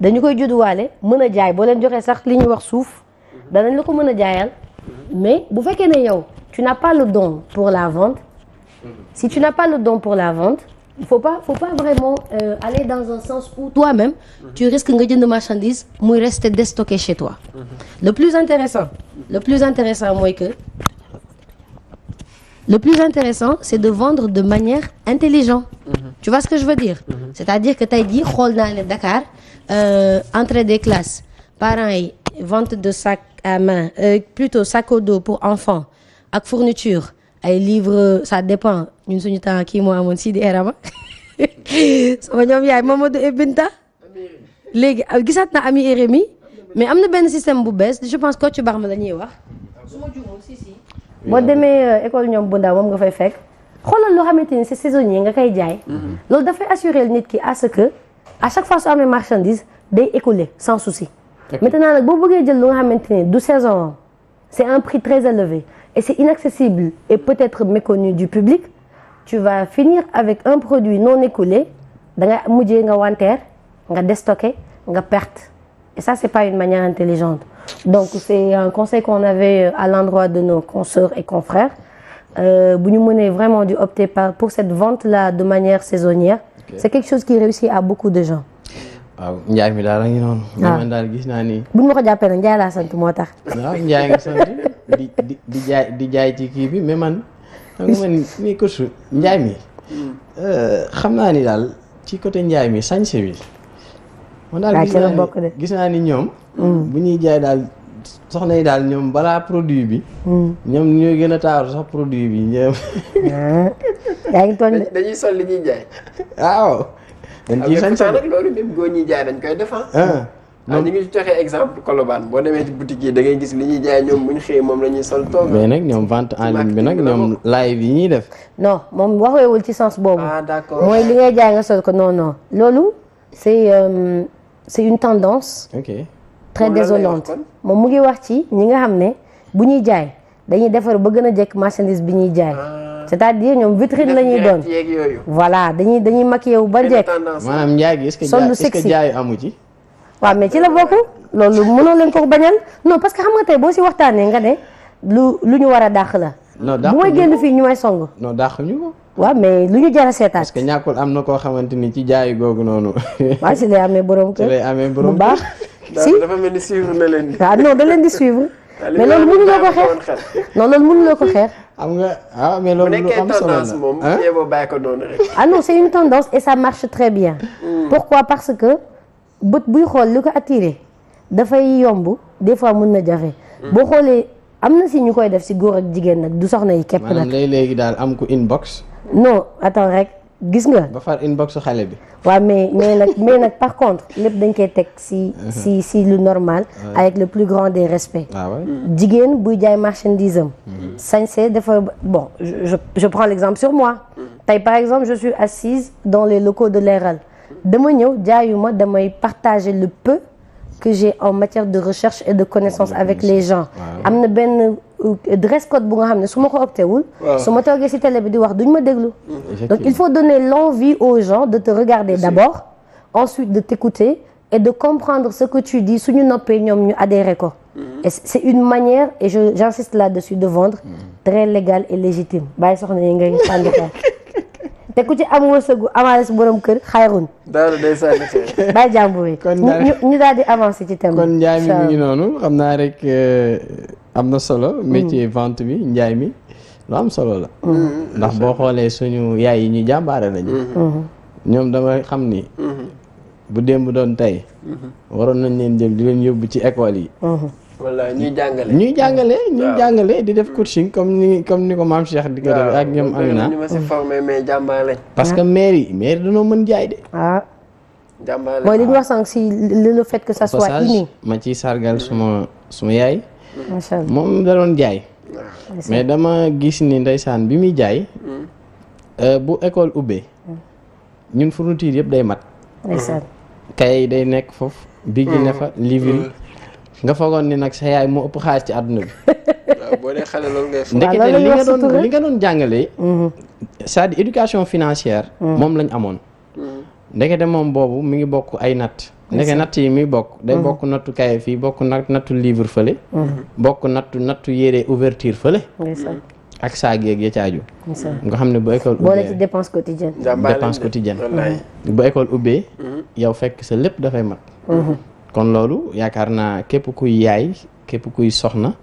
[SPEAKER 3] dañu koy judduwaale mën a jaay bo leen joxee sax li ñuy wax suuf danañ la ko mën a jaayal mais bu fekkee ne yow tu n'as pas le don pour la vente si tu n'as pas le don pour la vente il faut pas faut pas vraiment euh, aller dans un sens où toi-même tu risques nga jënd marchandise muy reste déstocké chez toi le plus intéressant le plus intéressant mooy que Le plus intéressant c'est de vendre de manière intelligente. Mm -hmm. Tu vois ce que je veux dire. Mm -hmm. c'est-à-dire que tey jii xool naa ne Dakar euh, entrée des classes parents yi vente de sac à main euh, plutôt sac au dos pour enfants ak fourniture ay livres ça dépend ñun suñu temps kii moo amoon Sidi Erama sama ñoom yaay Mamadou et euh, gisaat na ami Rémi mais am na benn système bu bees je pense Kocc Barma la ñuy wax. Ah boo demee euh, école ñoom bu ndaw moom nga fay fekk xoolal loo xamante ni c'est saisonnier nga koy jaay mm-hmm. loolu dafay assurer nit ki à ce que à chaque fois su amee marchandise day écoulé sans souci maintenant nag boo bëggee jël lu nga xamante ni du saison c'est un prix très élevé et c'est inaccessible et peut-être méconnu du public tu vas finir avec un produit non écoulé da nga mujjee nga wanteer nga déstocké nga perte et ça c'est pas une manière intelligente donc c'est un conseil qu'on avait à l'endroit de nos consoeurs et confrères euh, bu ñu mënee vraiment di opter par pour cette vente là de manière saisonnière okay. c'est quelque chose qui réussit à beaucoup de gens
[SPEAKER 2] waaw mi daal a ngi noonu. waaw ah. daal gis naa ni. bu
[SPEAKER 3] ma ko jàppee nag Ndiaye moo tax.
[SPEAKER 2] waaw di jaay di kii bi mais man. xam nga Ndiaye mi. Euh, xam naa ni daal ci côté Ndiaye mi sañse bi. daal gis naa ni gis naa ni ñoom. Mm. bu ñuy jaay daal soxna yi daal ñoom balaa produit bi. Mm. ñoom ñooy gën a taaru sax produit bi ñoom. yaa
[SPEAKER 1] dañuy sol li ñuy jaay.
[SPEAKER 2] waaw. dañ ciy sañ sax nag
[SPEAKER 1] loolu même góor ñuy jaay dañ koy def ah, ah, ah exemple Colobane boo demee ci yi da ngay gis li ñuy jaay ñoom bu ñu xëyee moom la ñuy sol toog. mais nag
[SPEAKER 2] ñoom vente en ligne bi nag ñoom live yi ñuy def. no moom waxeewul ci sens
[SPEAKER 1] boobu. ah d'accord
[SPEAKER 2] mooy li ngay jaay nga sol
[SPEAKER 3] ko non non. loolu c'est euh, une tendance.
[SPEAKER 2] très désolante
[SPEAKER 3] moom mu ngi wax ci ñi nga xam ne bu ñuy jaay dañuy defar ba gën a jekk marchandise bi ñuy jaay ah. c'est-à-dire ñoom vitrine la ñuy doon voilà dañuy dañuy maquillé wu ba jekk maanaam njaay gi est-ce que est-ce que jaay amu ci waaw mais ci la bokk loolu mënoo leen ko bañal non parce que xam nga tey boo si waxtaanee nga ne lu lu ñu war a dàq la
[SPEAKER 2] bu may génn fii ñu may song non dàq ñu ko waaw mais lu ñu jar a seetaat parce que ñàkkul am na koo xamante ni ci jaay googu noonu waaw si lay amee borom kër bu
[SPEAKER 1] si dafa mel ni suivre na leen. Ah,
[SPEAKER 2] da leen di suivre.
[SPEAKER 1] mais loolu mënuloo ko xeex ko xeex. am nga ah mais loolu lu am solo la moom bàyyi ko noonu rek.
[SPEAKER 3] ah non c'est une tendance et ça marche très bien. Hmm. pourquoi parce que bët buy xool li ko attire dafay yomb des fois mën na jafe. Hmm. boo xoolee am na si ñu koy def si góor ak jigéen nag du soxna yi képp nag. maanaam
[SPEAKER 2] léegi daal am ku inbox. no attends rek. gis nga. ba far inbox xale
[SPEAKER 3] bi. waaw mais mais nag mais nag par contre lépp dañ koy teg si uh-huh. si si lu normal. Uh-huh. avec le plus grand des respects. Ah jigéen buy jaay marchandise am. Uh-huh. sañse dafa bon je je prends l'exemple sur moi. tey par exemple je suis assise dans les locaux de Leral. dama ñëw jaayuma damay partager le peu que j'ai en matière de recherche et de connaissance avec les gens. Ah am na benn. dress code bu nga xam ne su ma ko opté wul. su ma toogee ci télé bi di wax duñ ma déglu. donc il faut donner l'envie aux gens de te regarder d'abord ensuite de t'écouter et de comprendre ce que tu dis suñu noppee ñoom ñu adhérer ko. Mm-hmm. et c'est une manière et je j'insiste là-dessus de vendre. Mm-hmm. très légale et légitime bàyyi soxna yi ngay sànni te ku ci am wërsëgu avance si borom kër xayrun.
[SPEAKER 1] daal day sànni
[SPEAKER 3] xeer. bàyyi jàmbur yi ñu ñu daal di avancer ci thème kon njaay mi mu ngi
[SPEAKER 2] noonu xam naa rek euh, am na solo. Mm. métier vente bi njaay mi lu am solo la. Mm. ndax boo xoolee suñu yaay yi ñu jàmbaare lañu. Mm-hmm. Mm-hmm. ñoom dama xam ni. Mm-hmm. bu bu doon tey. waroon nañ leen jël di leen yóbbu ci école yi.
[SPEAKER 1] wala ñuy jàngale ñuy
[SPEAKER 2] jàngale jàngale di def coaching comme ni comme ni ko maam Cheikh di ko def ak ñoom Amina ñu ma si
[SPEAKER 1] formé mais parce que
[SPEAKER 2] maire yi danoo mën jaay de ah
[SPEAKER 1] jàmbaar mooy li ñu wax
[SPEAKER 2] sànq si le fait que ça soit ma ciy sargal suma suma yaay
[SPEAKER 4] macha allah moom da
[SPEAKER 2] jaay mais dama gis ni ndeysaan bi muy jaay hmm. euh, bu école ubbee ñun fourniture yëpp day mat kay day nekk foofu bigi ne fa livre nga foogoon ni nag sa yaay moo ëpp xaalis ci àdduna bi.
[SPEAKER 1] ndekete li nga doon li nga
[SPEAKER 2] doon jàngale. cest éducation financière. Mm. moom lañ amoon. Mm. ndekete moom boobu mu ngi bokk ay natt. ndeke natt yi muy bokk. day mm. bokk nattu kaye fii bokk nattu livre fële. bokk nattu nattu yére ouverture fële. ak saa geeg ya caaju. nga xam ne bu école. boole ci dépense quotidienne. ubbee. yow fekk sa lépp dafay mat. Mm-hmm. kon loolu yaakaar naa képp kuy yaay képp kuy soxna.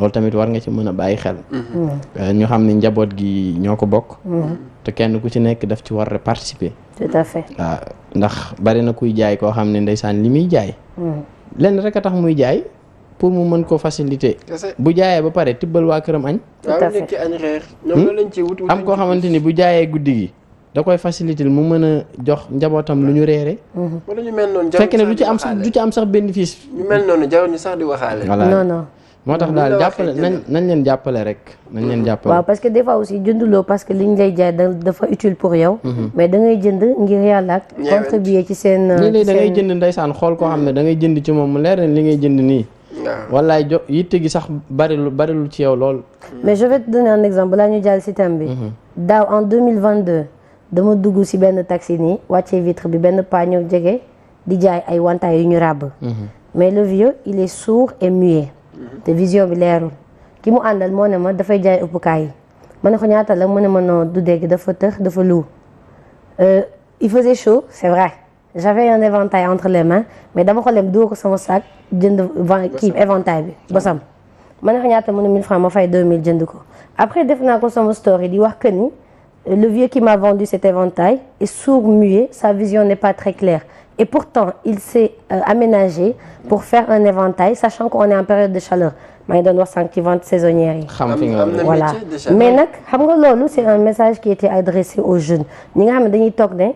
[SPEAKER 2] loolu tamit war nga ci mën a bàyyi xel. Mm-hmm. ñu xam ne njaboot gi ñoo ko bokk. Mm-hmm. te kenn ku ci nekk daf ci war a participer. ndax bari na kuy jaay koo xam ne ndeysaan li muy jaay. Mm-hmm. lenn rek a tax muy jaay pour mu mën koo faciliter. bu jaayee ba pare tibbal waa këram añ.
[SPEAKER 1] tout à fait hmm? am koo xamante
[SPEAKER 2] ni bu jaayee guddi gi. da koy faciliter mu mën a jox njabootam lu ñu reere wala
[SPEAKER 1] ne du ci am sax
[SPEAKER 2] du ci am sax bénéfice.
[SPEAKER 1] ñu mel noonu jarul
[SPEAKER 2] ñu sax di waxaale. non non moo tax daal jàppale nañ leen jàppale rek. nañ leen jàppale waaw
[SPEAKER 3] parce que des fois aussi jënduloo parce que liñ lay jaay dafa utile pour yow. Mhm. mais da ngay jënd ngir yàlla ak. contribuer ci seen seen nii da ngay jënd
[SPEAKER 2] ndeysaan xool koo xam ne da ngay jënd ci moom mu leer li ngay jënd nii. wallaay jo yitte gi sax bari lu bari lu ci yow lool. mais je
[SPEAKER 3] vais te donner un bi. Mhm. daaw dama dugg si benn taxi nii wàccee vitre bi benn paa jege di jaay ay wantaay yu ñu ràbb. Mhm. mais le vieux il est sourd et muet. Mhm. te vision bi leeru ki mu àndal moo ne ma dafay jaay ëppukaay yi ma ne ko ñaata la mu ne ma non du dégg dafa tëx dafa luw. Euh, il faisait chaud c'est vrai j'avais un éventail entre mais dama ko lem doo ko sama sac jënd vent kii éventail bi bosam. ma ne ko ñaata mu ne 1000 francs ma fay 2000 jënd ko après def naa ko sama story di wax que ni. le vieux qui m'a vendu cet éventail est sourd-muet, sa vision n'est pas très claire. Et pourtant, il s'est euh, aménagé pour faire un éventail, sachant qu'on est en période de chaleur. maa ngi doon wax sànq ci vente saisonnière yi. xam voilà mais nag xam nga loolu c'est un message qui était adressé aux jeunes ñi nga xam ne dañuy toog ne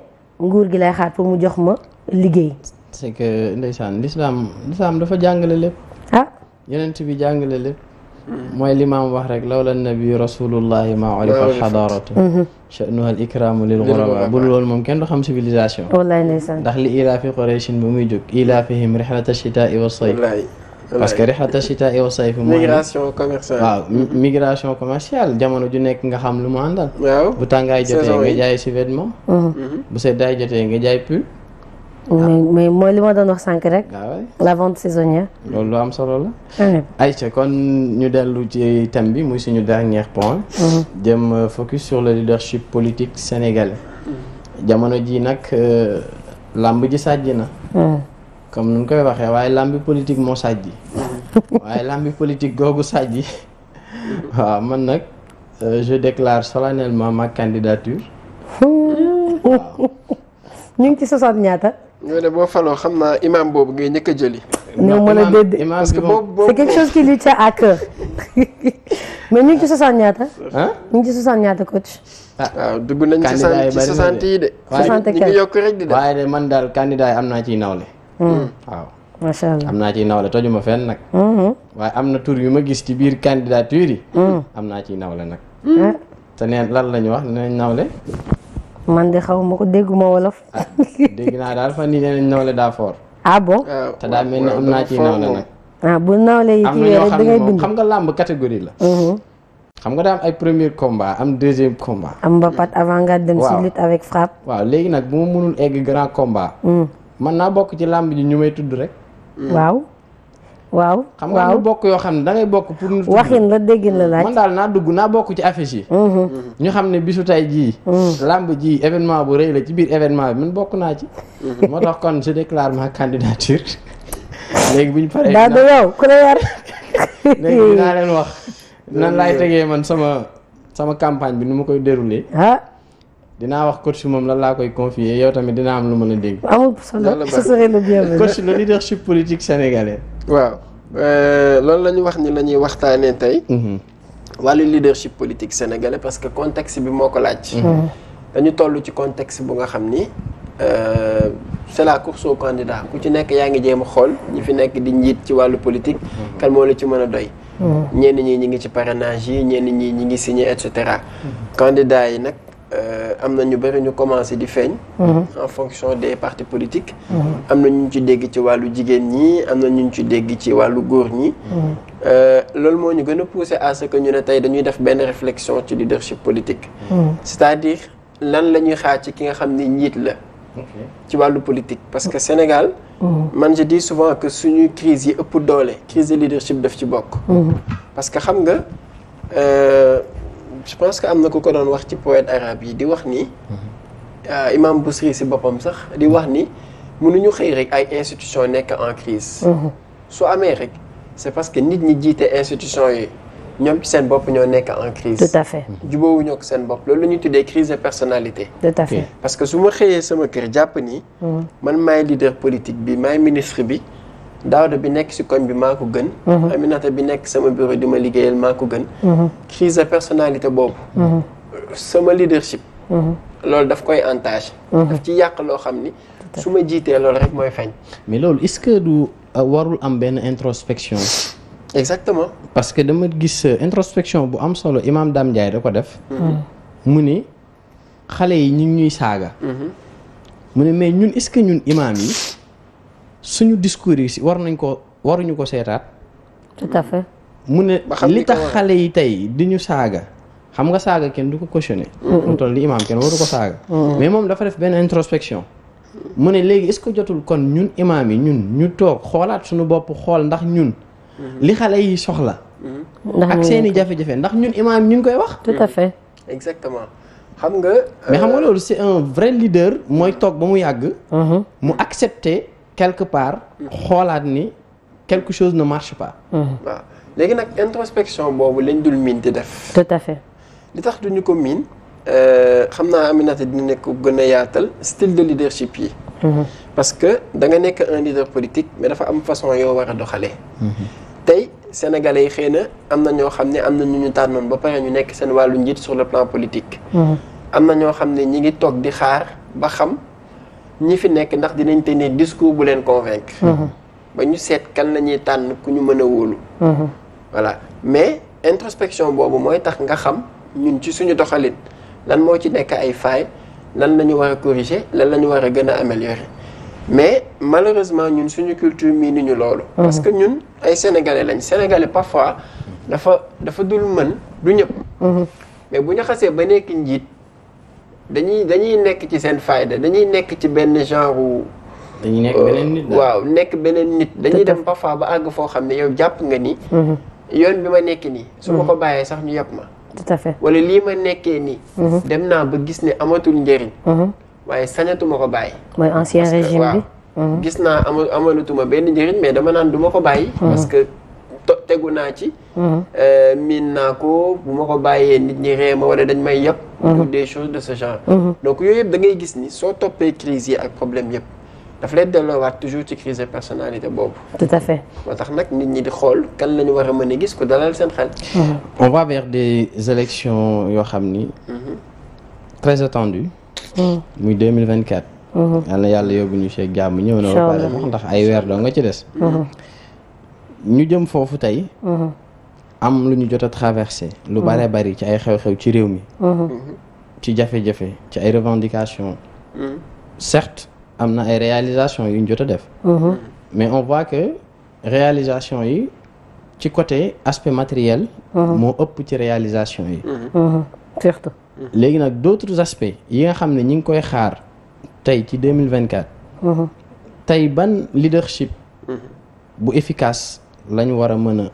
[SPEAKER 3] nguur gi lay xaar pour mu jox ma liggéey.
[SPEAKER 2] c'est que ndeysaan l'islam l'islam dafa jàngale lépp. ah yonent bi jàngale lépp. mooy li maam wax rek lawla nabi rasulullahi maa olifa xadaaratu mm-hmm. mm-hmm. sha'nuha al ikraamu lil ghuraba bu loolu moom kenn du xam civilisation wallaay ndeysaan ndax li ilaafi qurayshin bu muy jóg ilaafihim rihlata shitaa'i wa sayf parce que rihlata shitaa'i wa sayf mooy migration
[SPEAKER 1] commerciale waaw
[SPEAKER 2] migration commerciale jamono ju nekk nga xam lu mu àndal bu tàngaay jotee nga jaay si vêtement mm-hmm. bu seddaay jotee nga jaay pull
[SPEAKER 3] Ah. mais mais mooy li rek. Ah la vente saisonnière.
[SPEAKER 2] loolu lu am solo la. Ah Aïcha kon ñu dellu ci thème bi muy suñu dernier point. Mhm. jëm euh, focus sur leadership politique sénégalais. jamono ji nag euh, làmb ji sàjj na. Mhm. comme nu ñu koy waxee waaye làmbi politique moo sàjji. Mhm. waaye làmbi politique googu sàjji waaw man nag euh, je déclare solennellement ma candidature.
[SPEAKER 3] ñu ngi ci soixante ñaata.
[SPEAKER 2] ñoo ne boo faloo xam naa imam boobu ngay njëkk a jëli.
[SPEAKER 3] néew ma la
[SPEAKER 1] déedéet
[SPEAKER 2] parce que boobu boobu c'est
[SPEAKER 3] quelque chose qui lui tient à cœur mais ñu ngi ci 60 ñaata. ñu ngi ci 60 ñaata coach.
[SPEAKER 2] ah waaw dugg nañ ci. candidat yi de. 60 ñu ngi yokk rek di de. waaye de man daal candidat yi am naa ciy nawle. Hmm. Hmm. waaw.
[SPEAKER 3] macha allah
[SPEAKER 4] am
[SPEAKER 2] naa ciy nawle tojuma fenn nag. Hmm. waaye am na tur yu ma gis ci biir candidature yi. am naa ciy nawle nag. te neen lan la ñu wax nee nawle.
[SPEAKER 3] man de xaw ma ko dégguma wolof.
[SPEAKER 2] dégg naa daal fan yii nee nañ nawle daa foor.
[SPEAKER 3] ah bon ah, te daa mel am naa ci nawle nag. ah bu nawle yi ci wéer da ngay xam
[SPEAKER 2] nga làmb catégorie la. Mhm. xam nga daa ay premier combat am deuxième combat.
[SPEAKER 3] am ba pat avant nga dem. waaw avec
[SPEAKER 2] frappe. waaw léegi nag bu ma mënul egg grand combat. man mm. naa bokk ci làmb ji ñu may tudd rek. waaw. waaw xam nga ñu bokk yoo xam ne da bokk pour ñu waxin la déggin la laaj man daal naa dugg naa bokk ci affiche yi mhm. ñu xam ne bisu tay jii mhm. làmb ji événement bu rëy la ci biir événement bi man bokk naa ci mhm. moo tax kon si déclare ma candidature léegi bu paree daal leen wax nan laay tegee man sama sama campagne bi nu ma koy dérouler ah dinaa wax si moom lan laa koy confier yow tamit dinaa am lu mën a dégg amul solo ce politique sénégalais waaw
[SPEAKER 1] euh, loolu la ñu wax ni la ñuy waxtaanee tey. Mhm. wàllu leadership politique sénégalais parce que contexte bi moo ko laaj. Mhm. dañu toll ci contexte bu nga xam ni euh, c'est la course au candidat ku ci nekk yaa ngi jéem a xool ñi fi nekk di njiit ci wàllu politique. Mhm. kan moo la ci mën a doy. ñenn ñi ñi ngi ci parrainage yi ñenn ñi ñi ngi signé et cetera. candidat yi nag Euh, am na ñu bëri ñu commencé di feeñ. Mhm. en fonction des partis politiques. Mhm. am na ñu ci dégg ci wàllu jigéen ñi am na ñu ci dégg ci wàllu góor ñi. Mhm. Euh, loolu moo ñu gën a poussé à ce que ñu ne tey dañuy def benn réflexion ci leadership politique. c'est-à-dire lan la ñuy xaar ci ki nga xam ni njiit la. ci wàllu politique parce que Sénégal. man je dis souvent que suñu crise yi ëpp doole crise de leadership daf ci bokk. parce que xam nga. Euh, je pense que am na ku ko doon wax ci poète arabe yi di wax ni. Euh, imam Bousri si boppam sax di wax ni mënuñu xëy rek ay institution nekk en crise mhm. su amee rek c'est parce que nit ñi jiite institution yi ñoom ci seen bopp ñoo nekk en crise tout à fait mhm. jubóowuñu ak seen bopp loolu la ñuy tuddee crise de personnalité tout parce que su ma xëyee sama kër jàpp ni mhm. man maay leader politique bi maay ministre bi daawda bi nekk ci koñ bi maa ko gën. Mhm. Aminata bi nekk sama bureau di ma liggéeyal maa ko gën. Mhm. crise de personnalité boobu. Mhm. sama leadership. loolu daf koy entaché. daf ci yàq loo xam ni. su ma jiitee loolu rek mooy feeñ.
[SPEAKER 2] mais loolu est du euh, warul am benn introspection. exactement. parce que dama gis euh, introspection bu am solo Imam Dame Ndiaye da ko def. mu ni xale yi ñu ngi ñuy saaga. mu ne mais ñun est ñun imam yi. suñu discours war nañ ko waruñu ko seetaat. tout à fait. mu ne li tax xale yi tey di ñu saaga xam nga saaga kenn du ko cautionné. mu toll li imaam ko saaga. mais moom dafa def benn introspection. mu ne léegi est-ce que jotul kon ñun imaam yi ñun ñu toog xoolaat suñu bopp xool ndax ñun.
[SPEAKER 1] Mm-hmm. li
[SPEAKER 2] xale yi soxla.
[SPEAKER 1] Mm-hmm. ak seeni i
[SPEAKER 2] jafe-jafe ndax ñun imaam ñu ngi koy wax. tout à fait.
[SPEAKER 1] xam nga.
[SPEAKER 2] mais xam nga euh, loolu c'est un vrai leader mooy toog ba mu yàgg. Mm-hmm. mu accepter. quelque part xoolaat ni quelque chose ne marche pas. Hmm. waaw
[SPEAKER 1] léegi nag introspection boobu lañ dul miin di def. tout à fait. li tax duñu ko miin euh, xam naa Aminata dina nekk gën a yaatal style de leadership yi. Hmm. parce que da nga nekk un leader politique mais dafa am façon yoo war a doxalee. Hmm. tey sénégalais yi xëy na am na ñoo xam ne am na ñu ñu tànnoon ba pare ñu nekk seen wàllu njiit sur le plan politique. am na ñoo xam ne ñi ngi toog di xaar ba xam. ñi fi nekk ndax dinañ tenir discours bu leen convaincre. Mhm. ba ñu seet kan la tànn ku ñu mën a wóolu. Mhm. voilà mais introspection boobu mooy tax nga xam ñun ci suñu doxalin lan moo ci nekk ay failles lan la war a corriger lan la ñu war a gën a améliorer mais malheureusement ñun suñu culture mii ni ñu loolu. Mhm. parce que ñun ay sénégalais lañ sénégalais parfois dafa dafa dul mën du ñëpp. mais bu ñu ba nekk njiit. dañuy dañuy nekk ci seen fayda dañuy nekk ci benn genre.
[SPEAKER 2] dañuy
[SPEAKER 1] waaw nekk beneen nit. dañuy dem parfois ba àgg foo xam ne yow jàpp nga ni. Mhm. yoon bi ma nekk nii. su ma mhm. ko bàyyee sax ñu yàpp ma. tout lii ma nekkee nii. Mhm. dem naa ba gis ne amatul njëriñ. waaye sañatuma ko bàyyi. mooy ancien régime bi gis naa ama amalatuma benn njëriñ mais dama naan du ma ko bàyyi. parce que tegu naa ci. Euh, miin naa ko bu ma ko bàyyee nit ñi ree ma wala dañ may yëpp. Mhm. ou des de ce genre. Mhm. donc yooyu yëpp da gis ni soo toppee crise yi ak problème yëpp. daf lay delloowaat toujours ci crise de personnalité boobu.
[SPEAKER 2] tout
[SPEAKER 3] à fait.
[SPEAKER 1] moo tax nag nit ñi di xool kan la ñu war a mën gis ko dalal seen xel.
[SPEAKER 2] Mhm. on va vers des élections yoo xam ni. très attendues. muy 2024. yal na yàlla yóbbu ñu ci jàmm ñëw na. ba ay weer doo nga ci des. ñu jëm foofu tey. am lu ñu jot a traversé. lu mmh. bare bari ci ay xew-xew ci réew mi. Mmh. ci jafe-jafe ci ay revendications. Mmh. certes am na ay réalisation yu ñu jot a def. mais on voit que réalisation yi ci côté aspect matériel. moo ëpp ci réalisation yi. certes. léegi nag d'autres aspects yi nga xam ne ñi ngi koy xaar tey ci deux mille vingt quatre. tey ban leadership. bu efficace lañu war a mën a.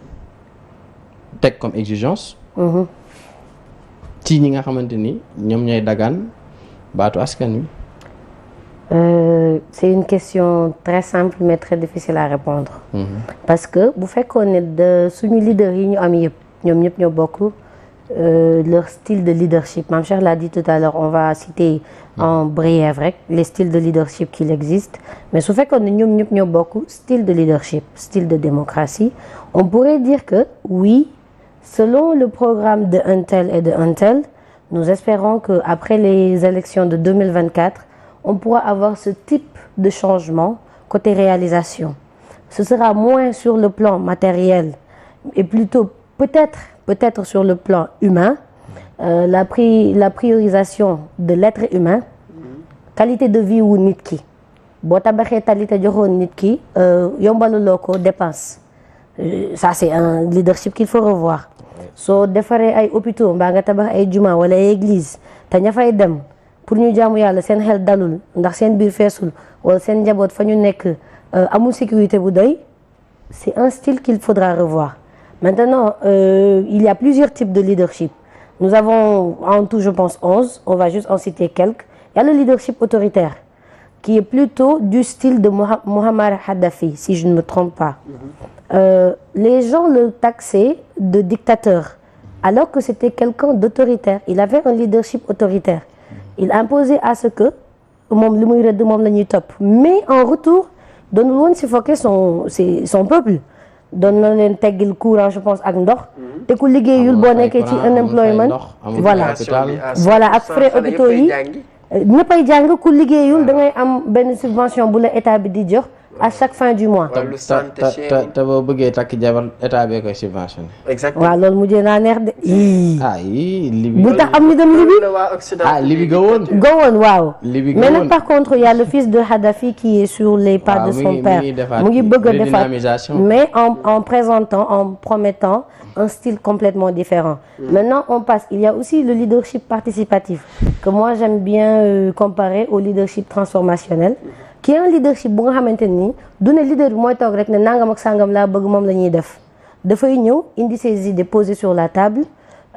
[SPEAKER 2] teg comme exigence. Mhm. ci ñi nga xamante ni ñoom ñooy dagaan baatu askan
[SPEAKER 3] euh, c'est une question très simple mais très difficile à répondre. Mhm. parce que bu fekkoon ne de suñu leader yi ñu am yëpp ñoom ñëpp ñoo bokk euh, leur style de leadership Mame Cheikh l'a dit tout à l'heure on va citer mhm. en bref rek les styles de leadership qu'il existe mais su fekkoon ne ñoom ñëpp ñoo bokk style de leadership style de démocratie on pourrait dire que oui. Selon le programme de Untel et de Untel, nous espérons qu'après les élections de 2024, on pourra avoir ce type de changement côté réalisation. Ce sera moins sur le plan matériel et plutôt peut-être peut sur le plan humain, euh, la, pri la priorisation de l'être humain, qualité de vie wu nit ki boo tabaxee qualité joxoon nit ki euh, yombaluloo ko dépense euh, ça c'est un leadership qu'il faut revoir soo defaree ay hôpitaux mbaa nga tabax ay juma wala ay église te ña fay dem pour ñu jaamu yàlla seen xel dalul ndax seen biir feesul wala seen njaboot fa ñu nekk euh, amul sécurité bu doy c'est un style qu'il faudra revoir maintenant euh, il y a plusieurs types de leadership nous avons en tout je pense onze on va juste en citer quelques il y a le leadership autoritaire qui est plutôt du style de Muammar Kadhafi si je ne me trompe pas mm-hmm. euh, les gens le taxaient de dictateur, alors que c'était quelqu'un d'autoritaire. Il avait un leadership autoritaire. Il imposait à ce que moom li muy rëdd moom la ñuy topp mais en retour doonul woon si fokke son si son peuple doon na leen teggil courant je pense ak ndox mhm. te ku liggéeyul boo nekkee ci unemployment voilà voilà ak frais hôpitaux yi euh, ñëppay jàng ku liggéeyul da ngay am benn subvention bu la état bi di jox à chaque fin du mois. wàllu
[SPEAKER 2] santé te te boo bëggee takk jabar état bee koy subventionné. exactement
[SPEAKER 3] waaw loolu mujjee naa neex de. ah yii Libi. bu tax am ñu dem Libi ah
[SPEAKER 2] Libi gawoon. gawoon waaw. Libi gawoon mais nag
[SPEAKER 3] par contre y a le fils de Hadafi qui est sur les pas de son père mu ngi bëgg a defaat mais en en présentant en promettant un style complètement différent. Mm. maintenant on passe il y a aussi le leadership participatif que moi j'aime bien euh, comparer au leadership transformationnel. Mm. qui est un bu nga xamante nii du ne leader bi mooy toog rek ne nanga ak sàngam laa bëgg moom la ñuy def dafay ñëw indi ses idées posées sur la table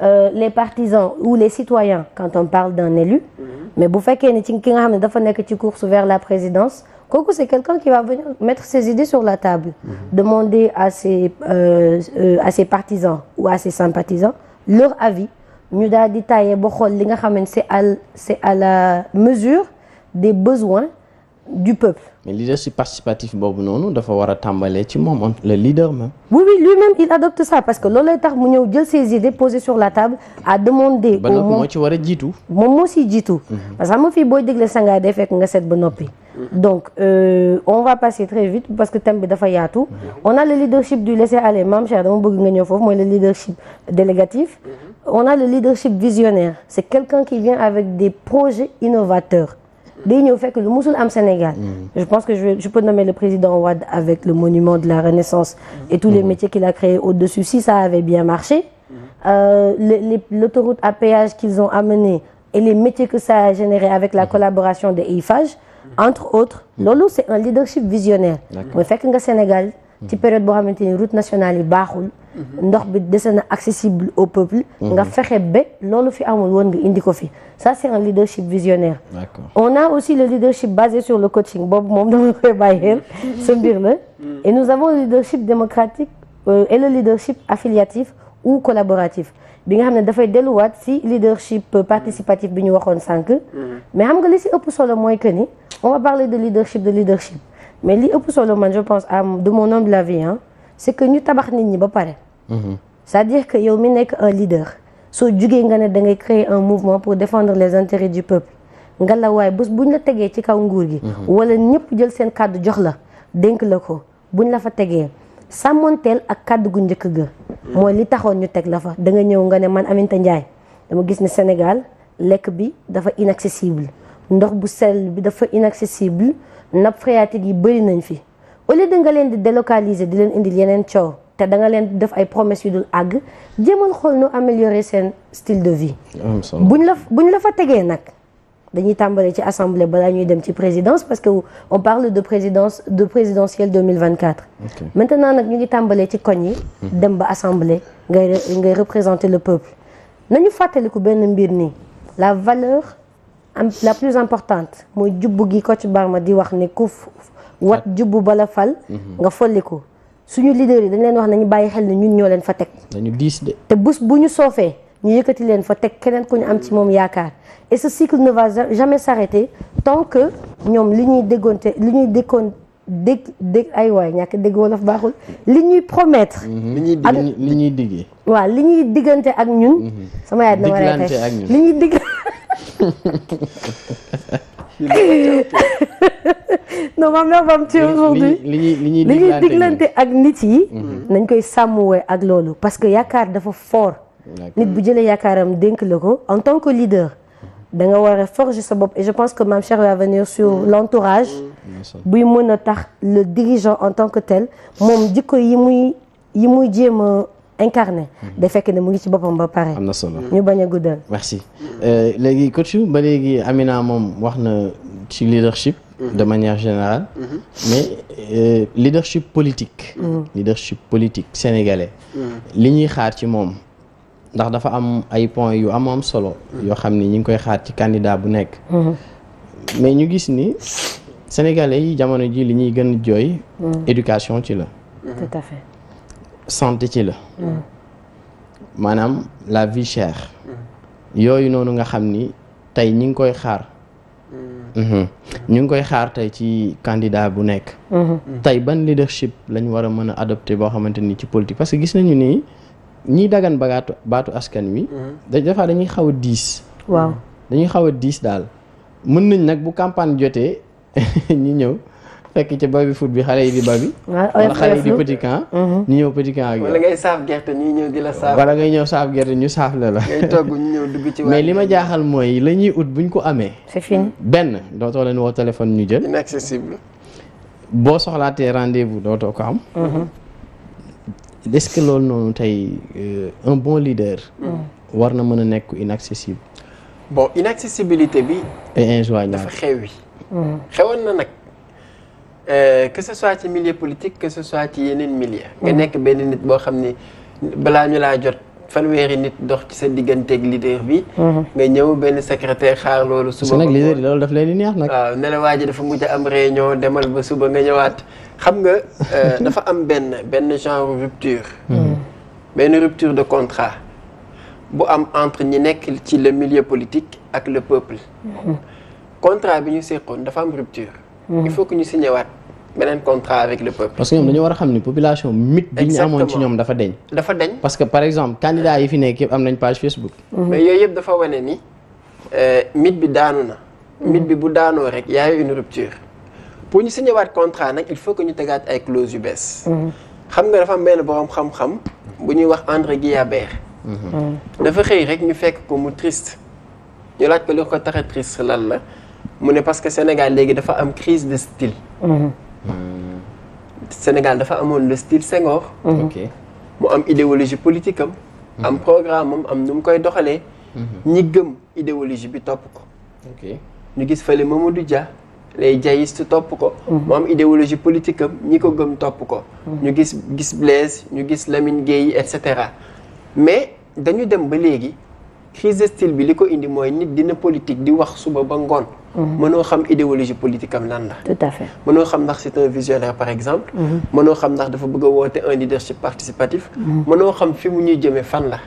[SPEAKER 3] euh, les partisans ou les citoyens quand on parle d'un élu mm-hmm. mais bu fekkee ne ci ki nga xam ne dafa nekk ci course vers la présidence kooku c'est quelqu'un qui va venir mettre ses idées sur la table mm -hmm. demander à ses euh, euh, à ses partisans ou à ses sympathisants leur avis ñu daal di taillé ba xool li nga xam ne à c'est à la mesure des besoins
[SPEAKER 2] du peuple. mais leadership participatif boobu noonu dafa war a tambale ci moom le leader même.
[SPEAKER 3] oui oui lui-même il adopte ça parce que loolu lay tax mu ñëw jël ses idées posées sur la table à demander. moo ci war a jiitu. moom moo siy jiitu. Mhm. parce que xam nga fii booy dégle sangaay day fekk nga seet ba noppi. Mhm. donc euh, on va passer très vite parce que thème bi dafa yaatu. Mhm. on a le leadership du laisser aller maam Cheikh dama bëgg nga ñëw foofu mooy le leadership délégatif. on a le leadership avec des projets innovateurs. day ñëw fekk lu musul am Sénégal mm. je pense que je nommer le président Wade avec le monument de la Renaissance et tous les mm. métiers qu'il a créés au-dessus si ça avait bien marché mm. euh, les, les, l'autoroute à péage qu'ils ont amené et les métiers que ça a généré avec la collaboration de Eiffage entre autres loolu c'est un leadership visionnaire mooy fekk nga Sénégal ci période boo xamante ni route nationale yi baaxul. ndox bi dese na accessible au peuple. nga mhm. fexe ba loolu fi amul woon nga indi ko fi sa c'est un leadership visionnaire. on a aussi le leadership basé sur le coaching boobu moom dama koy bàyyi xel sa mbir la. Mhm. et nous avons le leadership démocratique euh, et le leadership affiliatif ou collaboratif bi nga xam ne dafay delluwaat si leadership participatif bi ñu waxoon sànq. Mhm. mais xam nga li si ëpp solo mooy que ni on va parler de leadership de leadership. mais lii ëpp solo man je pense à de mon humble avis hein c'est que ñu tabax nit ñi ba pare. Mhm. c'est-à-dire que yow mi nekk un leader soo jugee nga ne dangay ngay créer un mouvement pour défendre les intérêts du peuple nga la waaye bés buñ la tegee ci kaw nguur gi. Mhm. wala ñëpp jël seen kàddu jox la dénk la ko buñ la fa tegee sàmmoonteel ak kàdd gu njëkk ga. mooy li taxoon ñu teg la fa danga ñëw nga ne man Aminta Ndiaye dama gis ne Sénégal lekk bi dafa inaccessible ndox bu sell bi dafa inaccessible. nappe phréatique yi bëri nañ fi au lieu de nga leen di délocaliser di leen indil yeneen coow te danga nga leen def ay promesses yu dul àgg jëmal xool nu améliorer seen style de vie. buñ la buñ la fa tegee nag dañuy tàmbalee ci assemblée balaa ñuy dem ci présidence parce que on parle de présidence de présidentielle 2024. Okay. maintenant nag ñu ngi tàmbalee ci koñ yi. Hmm. dem ba assemblée ngay ngay représenter le peuple. nañu fàttaliku benn mbir nii la valeur. am la plus importante mooy jubbu gi Kocc Barma di wax ne ku wat jubbu bala fal mhm. nga ko suñu leader yi dañ leen wax nañu bàyyi xel ne ñun ñoo leen fa teg dañu diis de te bés bu ñu soofee ñu yëkkati leen fa teg keneen ku ñu am ci moom yaakaar et ce cycle ne va jamais s'arrêter tant que ñoom li ñuy déggoonte li ñuy déggoon dégg dégg ay waay ñàkk dégg wolof baaxul li ñuy promettre.
[SPEAKER 2] Mhm. ak li ñuy diggee.
[SPEAKER 3] waaw li ñuy diggante ak
[SPEAKER 2] ñun. Mhm. sama yaay dina ma rey tey li ñuy digg.
[SPEAKER 3] non diggante ak nit yi. Mhm. nañ koy wooy ak loolu parce que yaakaar dafa fort. nit bu jëlee yaakaaram dénk la ko en tant que leader. da nga war a forger sa bopp et je pense que Mame Cheikh va venir sur mmh. l'entourage mm. Mm. buy mën a tax le dirigeant en tant que tel moom jikko yi muy yi muy jéem a incarné mm. day fekk ne mu ngi ci boppam ba pare
[SPEAKER 2] am na solo ñu bañ a guddal merci euh, léegi coach ba léegi Amina moom wax na ci leadership de manière générale mm-hmm. mais euh, leadership politique leadership politique sénégalais li ñuy xaar ci moom ndax dafa am ay point yu am am solo. yoo xam ni ñu ngi koy xaar ci candidat bu nekk. Mhm. mais ñu gis ni sénégalais yi jamono ji li ñuy gën jooy. Mhm. éducation ci la. tout santé ci la. Mhm. maanaam la vie chère. yooyu noonu nga xam ni tey ñu ngi koy xaar. ñu ngi koy xaar tey ci candidat bu nekk. tey ban leadership lañ war a mën a adopté boo xamante ni ci politique parce que gis nañu nii ñiy dagan bagaatu baatu askan wi. Mhm. da des fois dañuy xaw a diis. waaw dañuy xaw a diis daal. mën nañ nag bu campagne jotee ñu ñëw fekk ci baby foot bi xale yi di babi.
[SPEAKER 1] wala xale yi di petit
[SPEAKER 2] mhm. ñu ñëw petit ak yow. wala ngay saaf
[SPEAKER 1] gerte ñëw di
[SPEAKER 2] gerte ñu saaf la la. ngay mais li ma jaaxal mooy la ñuy ut buñ ko amee. benn dootoo leen woo téléphone ñu jël. inaccessible. boo soxlaatee rendez-vous dootoo ko am. Mhm. est-ce que loolu noonu tey euh, un bon leader. Hmm. war na mën a nekk inaccessible.
[SPEAKER 1] bon inaccessibilité bi.
[SPEAKER 2] et injoignable dafa
[SPEAKER 1] xewi. Hmm. xewoon na nag euh, que ce soit ci milieu politique que ce soit ci yeneen milieu. nga hmm. nekk benn nit boo xam ne balaa ñu laa jot fan fanweeri nit dox ci sa digganteeg leader bi. nga ñëw benn secrétaire xaar loolu. suba nag leader
[SPEAKER 2] yi loolu daf leen di neex nag. waaw ne
[SPEAKER 1] la waa ji dafa mujj am réunion demal ba suba nga ñëwaat. xam nga euh, dafa am benn benn genre rupture. Hmm. benn rupture de contrat bu am entre ñi nekk ci le milieu politique ak le peuple. Hmm. contrat bi ñu séqoon dafa am rupture. Hmm. il faut que ñu signé waat beneen contrat avec le peuple. parce que ñoom dañoo
[SPEAKER 2] war a xam ni population mythe bi ñu amoon ci ñoom dafa deñ dafa deñ parce que par exemple candidat yi fi nekk yëpp am nañ page Facebook.
[SPEAKER 1] mais yooyu yëpp dafa wane ni euh, mythe bi daanu na. mythe bi bu daanoo rek y une rupture. pour ñu signé contrat nag il faut que ñu tegaat ay clause yu bees. xam nga dafa am benn borom xam-xam bu ñuy wax André Guillabert. dafa xëy rek ñu fekk ko mu triste. ñu laaj ko li ko tax a triste lan la mu ne parce que Sénégal léegi dafa am crise de style. Sénégal dafa amoon le style Senghor. mu am idéologie politique am. am programme am am nu mu koy doxalee. Mhm. ñi gëm idéologie bi topp ko. ñu gis fële Mamadou Dia. les jaïstes topp ko. moom am idéologie ñi ko gëm topp ko. Mhm. ñu gis gis Blaise ñu gis Lamine Gueye et cetera mais dañu dem ba léegi crise de style bi li ko indi mooy nit dina politique di wax suba ba ngoon. Mhm. mënoo xam idéologie politique am lan la. tout à fait mënoo xam ndax c'est un par exemple. Mhm. mënoo xam ndax dafa bëgg a woote un leadership participatif. mënoo xam fi mu ñuy jëmee fan la.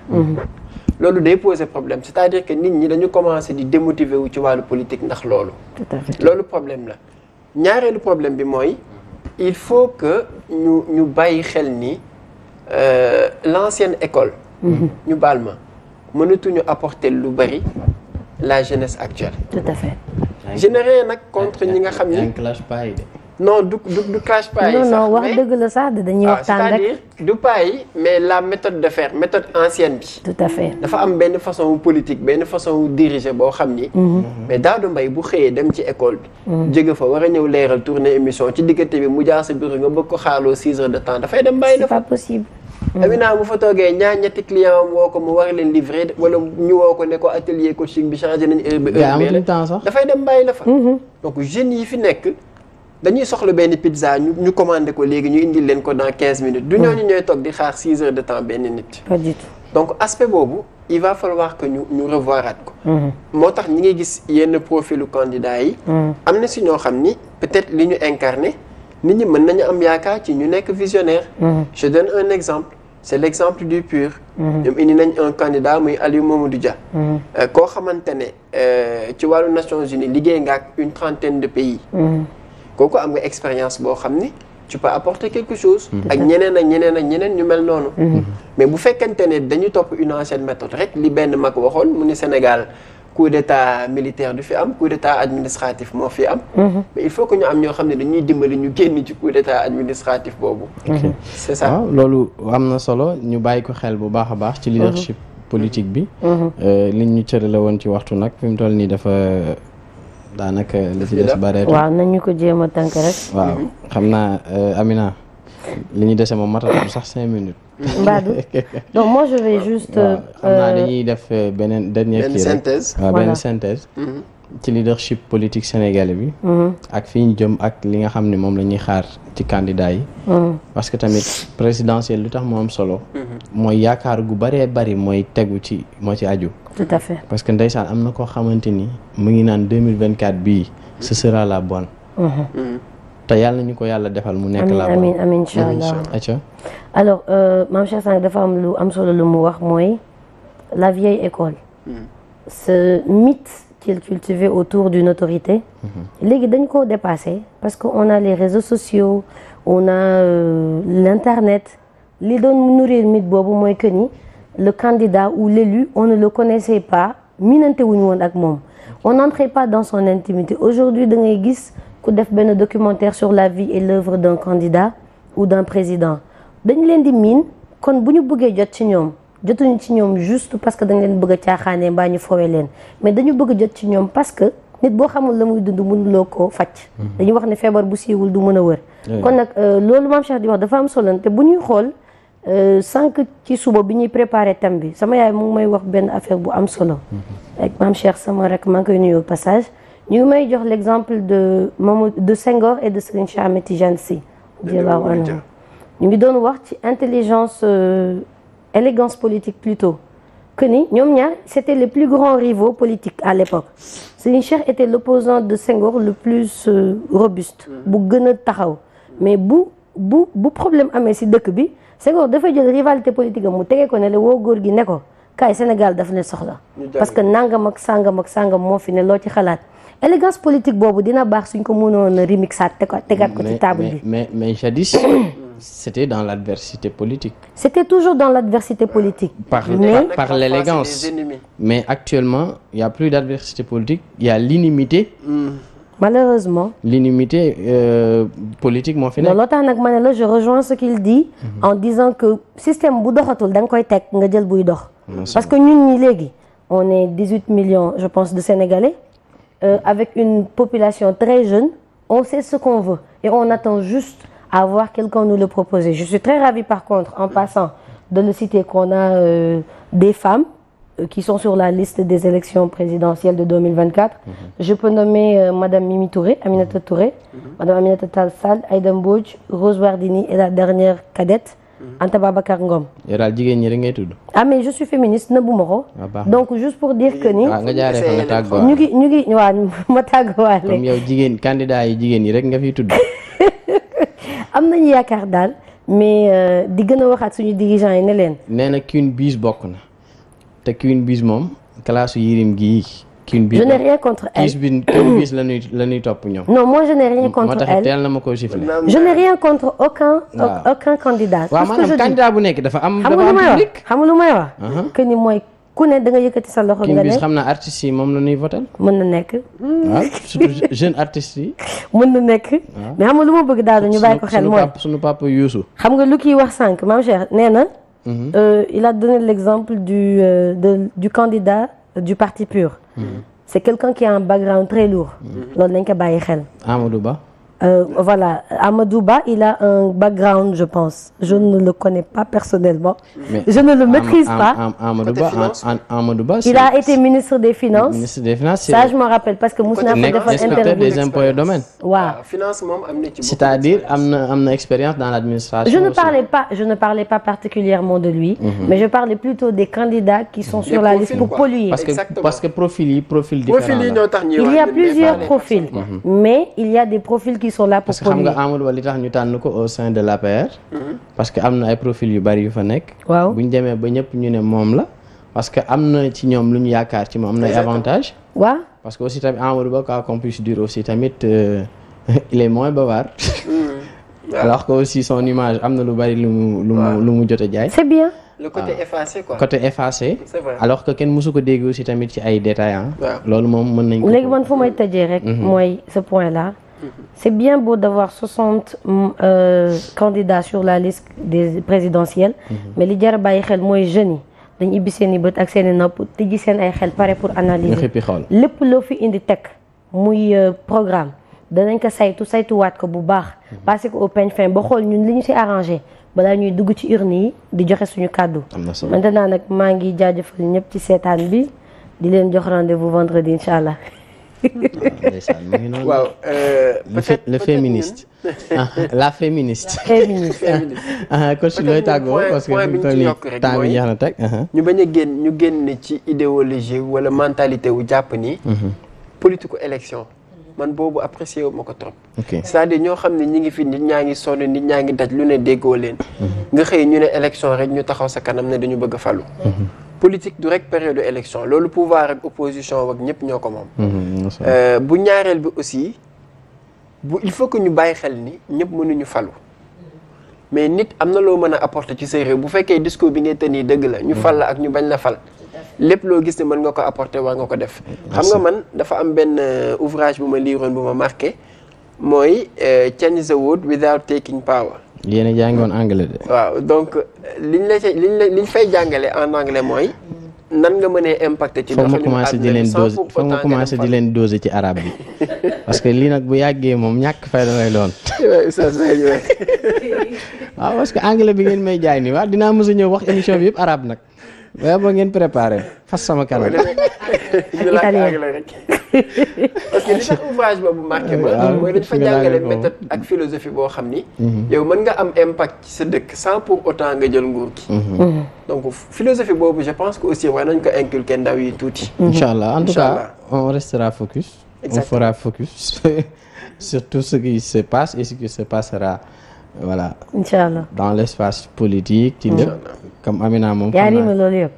[SPEAKER 1] loolu day poser problème c'est-à-dire que nit ñi dañu commencé di démotiver wu ci wàllu politique ndax loolu. loolu problème la ñaareelu problème bi mooy. il faut que ñu ñu bàyyi xel ni euh, l'ancienne école. Mhm. ñu baal ma mënatuñu apporter lu bari la jeunesse actuelle. tout nag contre ñi nga xam yi non du du du clash pas yi sax non wax
[SPEAKER 3] dëgg la sax ah,
[SPEAKER 1] du pas mais la méthode de faire méthode ancienne bi.
[SPEAKER 3] tout
[SPEAKER 4] à dafa
[SPEAKER 1] am benn façon politique benn façon diriger boo xam ni. Mhm. Mhm. mais Daouda mbay bu xëyee dem ci école bi. Mhm. jóge fa war a ñëw leeral tourner émission ci diggante bi mu jaar sa bureau nga bëgg ko xaaloo 6 heures de temps dafay dem bàyyi. c'est pas possible. Amina bu fa toogee ñaar woo ko mu war leen livrer wala ñu woo ko ne ko atelier bi changé nañu heure bi heure dafay dem bàyyi la fa. donc jeunes yi fi nekk. dañuy soxla benn pizza ñu ñu commandé ko léegi ñu indi leen ko dans quinze minutes. du mm. ñooñu ñooy toog di xaar six heures de temps benn nit. boobu il va falloir ñu ñu revoiraat ko. Mm-hmm. moo tax ñi ngi gis yenn profilu candidat yi. Mm-hmm. am na si ñoo xam ni peut-être li ñu incarné nit ñi mën nañu am yaakaar ci ñu nekk visionnaire. Mm-hmm. je donne un exemple. c'est exemple du pur. ñoom indi nañ un candidat muy Aliou Mamadou Dia. Euh, koo xamante ne euh, ci wàllu Nations uni liggéey nga ak une trentaine de pays. Mmh. kooku am nga expérience boo xam ni tu peux apporter quelque chose. Mhm. ak ñeneen ak ñeneen ak ñeneen ñu mel noonu. Mhm. mais bu fekkente ne dañu topp une ancienne méthode rek li benn mag waxoon mu ni Sénégal coup d'état militaire du fi am coup d'état administratif moo fi am. Mhm. il faut que ñu am ñoo xam ne dañuy dimbali ñu génn ci coup d'état administratif boobu. ok c'est ça waaw
[SPEAKER 2] loolu am na solo ñu bàyyi ko xel bu baax a baax. ci leadership politique bi. Euh, liñ ñu cërale woon ci waxtu nag fi daanaka li ci des bareetul. waaw
[SPEAKER 3] nañu ko jéem a tënk waaw
[SPEAKER 2] xam naa euh, Amina li ñu dese moom matatul sax cinq minutes. Mbadou
[SPEAKER 3] donc moi je vais juste. waaw xam euh,
[SPEAKER 2] def euh, beneen dernier kii benn synthèse. Mm-hmm. ci leadership politique sénégalais bi. Mm-hmm. ak fi ñu ak li nga xam ne moom la ñuy xaar ci candidat yi. Mm-hmm. parce que tamit présidentiel lu tax moo solo. Mm-hmm. mooy yaakaar gu bare bëri mooy tegu ci moo ci aju. tout à fait parce que ndeysaan am na koo xamante ni mu ngi naan deux mille vingt quatre bii ce la bon te yàlla nañu ko yàlla defal mu nekk la bonne amiin amiin incha allah
[SPEAKER 3] alors euh, maam Cheikh Sane lu am solo lu mu wax mooy la vieille école. ce mythe. style cultivé autour d'une autorité. léegi dañ koo dépassé parce que on a les réseaux sociaux on a euh, l'internet li doon nourrir mit boobu mooy que ni le candidat ou l'élu on ne le connaissait pas minante wuñu woon ak moom on n'entrait pas dans son intimité aujourd'hui da ngay gis ku def benn documentaire sur la vie et l'œuvre d'un candidat ou d'un président dañ leen di miin kon bu ñu bëggee jot ci ñoom jotuñu ci ñoom juste parce que dañ leen bëgg a caaxaanee mbaa ñu fowe leen mais dañu bëgg jot ci ñoom parce que nit boo xamul la muy dund mënuloo koo faj. Mhm. dañuy wax ne feebar bu siiwul du mën a wër. kon nag euh, loolu maam Cheikh di wax dafa am solo te bu ñuy xool euh, sànq ci suba bi ñuy préparé thème bi sama yaay mu ngi may wax benn affaire bu am solo. Mhm. ak maam sama rek maa ngi koy nuyoo passage ñu ngi may jox l' exemple de Mamadou de Senghor et de Serigne Cheikh Ahmed Tidiane Sy. ñu wax ci élégance politique plutôt que ni ñoom ñaar c'était le plus grands rivaux politiques à l'époque Serigne Cheikh était l'opposant de Senghor le plus euh, robuste mm. bu gën a taxaw mais bu bu bu problème amee si dëkk bi Senghor dafa jël rivalité politique mu tegee ko ne woo góor gi ne ko kaay Sénégal daf ne soxla parce que nangam ak sangam ak sangam moo fi ne loo ci xalaat élégance politique boobu dina baax suñ ko mënoon a remixaat tegaat ko ci table bi
[SPEAKER 2] mais mais jadis C'était dans l'adversité politique. C'était
[SPEAKER 3] toujours dans l'adversité politique. Par, mais... par, par l'élégance.
[SPEAKER 2] Mais actuellement, il n'y a plus d'adversité politique, il y a l'inimité. Mm. Malheureusement. L'inimité euh, politique moo fi nekk. looloo
[SPEAKER 3] tax nag ma ne la je rejoins ce qu'il dit. Mm -hmm. en disant que système bu doxatul da nga koy teg nga jël buy dox. parce que ñun ñi léegi on est dix huit millions je pense de Sénégalais euh, avec une population très jeune on sait ce qu'on veut et on attend juste. avoir quelqu'un nous le proposer. Je suis très ravie par contre, en passant, de le citer qu'on a euh, des femmes euh, qui sont sur la liste des élections présidentielles de 2024. Mm -hmm. Je peux nommer euh, Madame Mimi Touré, Aminata mhm. Touré, mm -hmm. Madame Aminata Talsal, Aïda Mbouch, Rose Wardini et la dernière cadette, mm -hmm. Anta Babacar Ngom.
[SPEAKER 2] jigéen ñi rek ngay tudd.
[SPEAKER 3] ah mais je suis féministe nëbbu ma ko. donc juste pour dire que ni. Ah, nga jaaree fa nga tàggoo ñu ngi ñu ngi ma tàggoo
[SPEAKER 2] jigéen candidat jigéen ñi rek nga fiy tudd.
[SPEAKER 3] am nañu yaakaar daal mais euh, di gën a waxaat suñu dirigeant yi ne leen.
[SPEAKER 2] nee na Queen Biz bokk na te Queen Biz moom classe Yirim gii. Queen Biz je n'ai rien Queen Biz la la ñuy topp ñoom. non moi
[SPEAKER 3] je n'ai rien contre elle moo tax teel na ma
[SPEAKER 2] ko sifflé. je
[SPEAKER 3] n'ai rien contre aucun. aucun candidat. waaw maanaam candidat
[SPEAKER 2] bu nekk dafa am. dafa am public
[SPEAKER 3] xam nga may wax. ku ne da nga yëkkati sa loxo. nga ne xam
[SPEAKER 2] naa artistes moom la ñuy voté.
[SPEAKER 3] mën na nekk. waaw ah,
[SPEAKER 2] surtout jeune artistes yi.
[SPEAKER 3] mën na nekk. Ah. mais xam lu ma bëgg daal ñu bàyyi ko xel mooy sunu
[SPEAKER 2] sunu papa Youssou.
[SPEAKER 3] xam nga lu kii wax sànq maam Cheikh nee na. Mhm. Euh, il a donné l' exemple du euh, de, du candidat du parti pur. Mm -hmm. c' est quelqu'un qui a un background très lourd. Mhm. loolu nañ ko bàyyi xel. Amadou Ba. Euh, voilà, Amadou Ba, il a un background, je pense. Je ne le connais pas personnellement.
[SPEAKER 2] je ne le maîtrise pas. il a
[SPEAKER 3] été ministre des Finances. Ministre
[SPEAKER 2] je me
[SPEAKER 3] rappelle parce que Moussa Nafé des impôts domaines. Ah,
[SPEAKER 2] C'est-à-dire am expérience dans l'administration.
[SPEAKER 3] Je ne parlais pas, particulièrement de lui, mhm. mais je parlais plutôt des candidats qui sont sur la liste pour polluer. Parce que
[SPEAKER 2] parce que profil yi, profil différent. Il a plusieurs profils, mhm. mais il y a des profils qui qui sont là pour. parce que xam nga Amadou Ba li tax ñu tànn au sein de l'APR. parce que am na ay profils yu bari yu fa nekk. waaw bu ñu demee ba ñëpp ñu ne moom la. parce que am na ci ñoom lu yaakaar ci moom am na ay avantages. parce que aussi tamit Amadou Ba quoi qu'on puisse dire aussi tamit euh, il est moins bavard. alors que aussi image am na lu bari lu mu lu mu lu mu jot a jaay. c'est bien. le côté ah. effacé côté effacé. c'est vrai alors que kenn mësu ko dégg aussi tamit ci ay détails loolu moom mën nañ ko. léegi
[SPEAKER 3] man fu may tëjee rek. Mhm. mooy ce point là. c'est bien beau d'avoir 60 euh, candidats sur la liste des présidentielles mhm. mais li jar a bàyyi xel mooy jeunes yi dañu ibbi seen i bët ak seen i nopp tijji seen ay xel pare pour analyser lépp loo fi indi teg muy euh, programme danañ ko saytu saytuwaat ko bu baax mhm. parce que au peigne ba xool ñun li ñu si arrangé balaa ñuy dugg ci urne yi di joxe suñu kàddu maintenant nag maa ngi jaajëfal ñëpp ci seetaan bi di leen jox rendez-vous vendredi incha allah
[SPEAKER 2] waaw euh, le féministe ah, la féministe. Ah, coach looy tàggoo parce que ñu toll nii temps bi jeex na uh-huh.
[SPEAKER 1] bañ a génn ñu génn ci idéologie wala mentalité wu jàpp ni. Mm-hmm. politique élection. man boobu apprécié wu ma ko trop. c'est-à-dire ñoo xam ne ñi ngi fi nit ñaa ngi sonn nit ñaa ngi daj lu ne déggoo leen. Mhm. nga xëy ñu ne élection rek ñu taxaw sa kanam ne dañu bëgg a falu. Mhm. politique du rek période élection loolu pouvoir ak opposition ak ñëpp ñoo ko moom. Mhm, euh, bu ñaareel bi aussi bu il faut que ñu bàyyi xel ni ñëpp mënuñu falu. mais nit am na loo mën a apporter ci sa bu fekkee discours bi ngay tenir dëgg la. ñu fal la ak ñu bañ la fal. lépp loo gis ne mën nga ko apporter war nga ko def. xam nga man dafa am benn euh, ouvrage bu ma liiroon bu ma marqué mooy euh, change the world without taking power.
[SPEAKER 2] yéen a jàngi woon anglais de.
[SPEAKER 1] waaw donc euh, liñ la liñ la liñ fay jàngale en anglais mooy. nan nga mënee impacté ci doxalin àdduna bi leen doser foog nga
[SPEAKER 2] commencé di leen doser ci arabe bi parce que lii nag bu yàggee moom ñàkk fay damay doon. waaw ah, parce que bi ngeen may jaay nii waaw dinaa mës a ñëw wax émission bi yëpp araab nag. waaye ba ngeen préparé fas sama kanam. la
[SPEAKER 1] rek. parce que li tax ouvrage boobu marqué ma. mooy dafa jàngale ak philosophie boo xam ni. mën nga am impact ci dëkk sans pour autant nga jël nguur gi. donc boobu je pense que aussi war nañ ko inculquer ndaw yi tuuti. Mhm. incha allah en tout cas
[SPEAKER 2] on restera focus. on fera focus sur ce qui se passe et ce qui se passera. voilà incha allah dans l' espace politique. ci lépp comme Amina moom. yaa nii ma loolu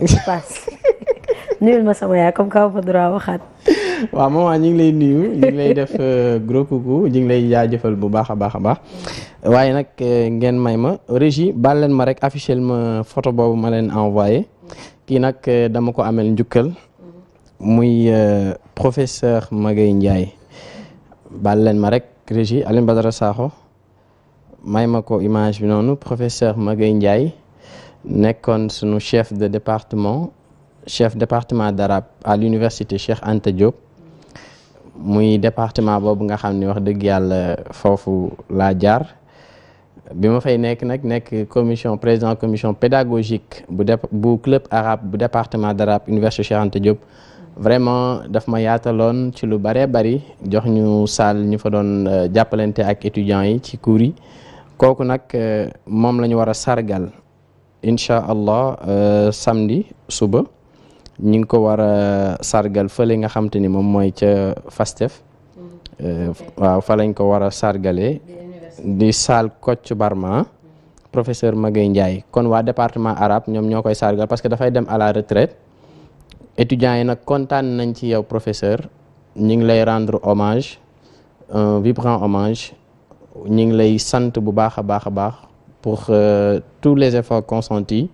[SPEAKER 3] nuyul ma sama yaay comme kaw ma droit waxaat.
[SPEAKER 2] waaw maman ñu ngi lay nuyu ñu def euh, gros coucou ñu ngi lay jaajëfal bu baax a baax a baax waaye nag euh, ngeen may ma régie baal ma rek affiché photo boobu ma leen envoyé kii nag euh, dama ko amel njukkal muy professeur Magaye Ndiaye baal leen ma rek régie Alioune Badara may ma ko image bi noonu professeur Magaye Ndiaye nekkoon sunu chef de département chef département darab à l'université Cheikh Anta Diop muy département boobu nga xam ni wax dëgg yàlla foofu laa jaar bi ma fay nekk nag nekk commission président commission pédagogique bu dep bu club arabe bu département d'arabe université Cheikh Anta Diop vraiment daf ma yaataloon ci lu bëree bëri jox ñu salle ñu fa doon euh, jàppalante ak étudiants yi ci cours yi kooku nag euh, moom la ñu war a sargal incha allah euh, samdi suba ñi ngi ko war a sargal fële nga xam ni moom mooy ca Fastef mm. euh, waaw fa lañ ko war a sargalee di saal Kocc Barma mm. professeur Magaye Ndiaye kon waa département arabe ñoom ñoo koy sargal parce que dafay dem à la retraite étudiants yi nag kontaan nañ ci yow professeur ñu ngi lay rendre hommage un vibrant hommage ñu ngi lay sant bu baax a baax a baax pour euh, tous les efforts consentis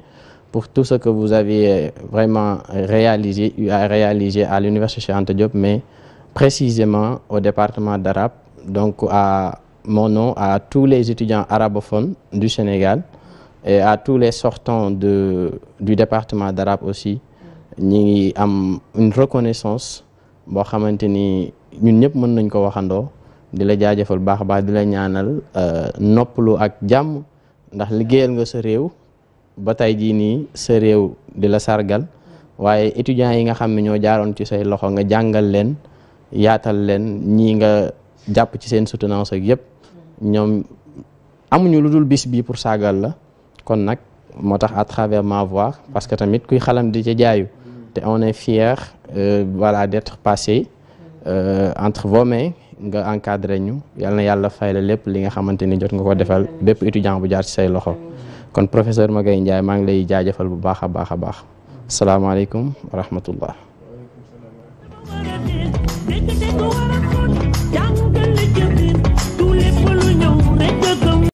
[SPEAKER 2] pour tout ce que vous avez euh, vraiment réalisé à réaliser à l'université Cheikh Anta Diop mais précisément au département darab donc à mon à tous les étudiants arabophones du Sénégal et à tous les sortants de du département d'arabe aussi ñi ngi am une reconnaissance boo xamante ni ñun ñëpp mën nañ ko waxandoo di la jaajëfal baax a baax di la ñaanal euh, noppalu ak jàmm ndax liggéeyal nga sa réew ba tey jii nii sa réew di la sargal waaye étudiants yi nga xam ne ñoo jaaroon ci say loxo nga jàngal leen yaatal leen ñii nga jàpp ci seen soutenance ak yëpp ñoom amuñu lu dul bis bii pour saagal la kon nag moo tax à travers ma voix parce que tamit kuy xalam di ca jaayu te on est fier euh, voilà d'être passé euh, entre vos mains nga encadré ñu yal na yàlla fay la lépp li nga xamante ni jot nga ko defal bépp étudiant bu jaar ci say loxo kon professeur Magaye Ndiaye maa ngi lay jaajëfal bu baax a baax a baax asalaamaaleykum wa
[SPEAKER 4] rahmatullah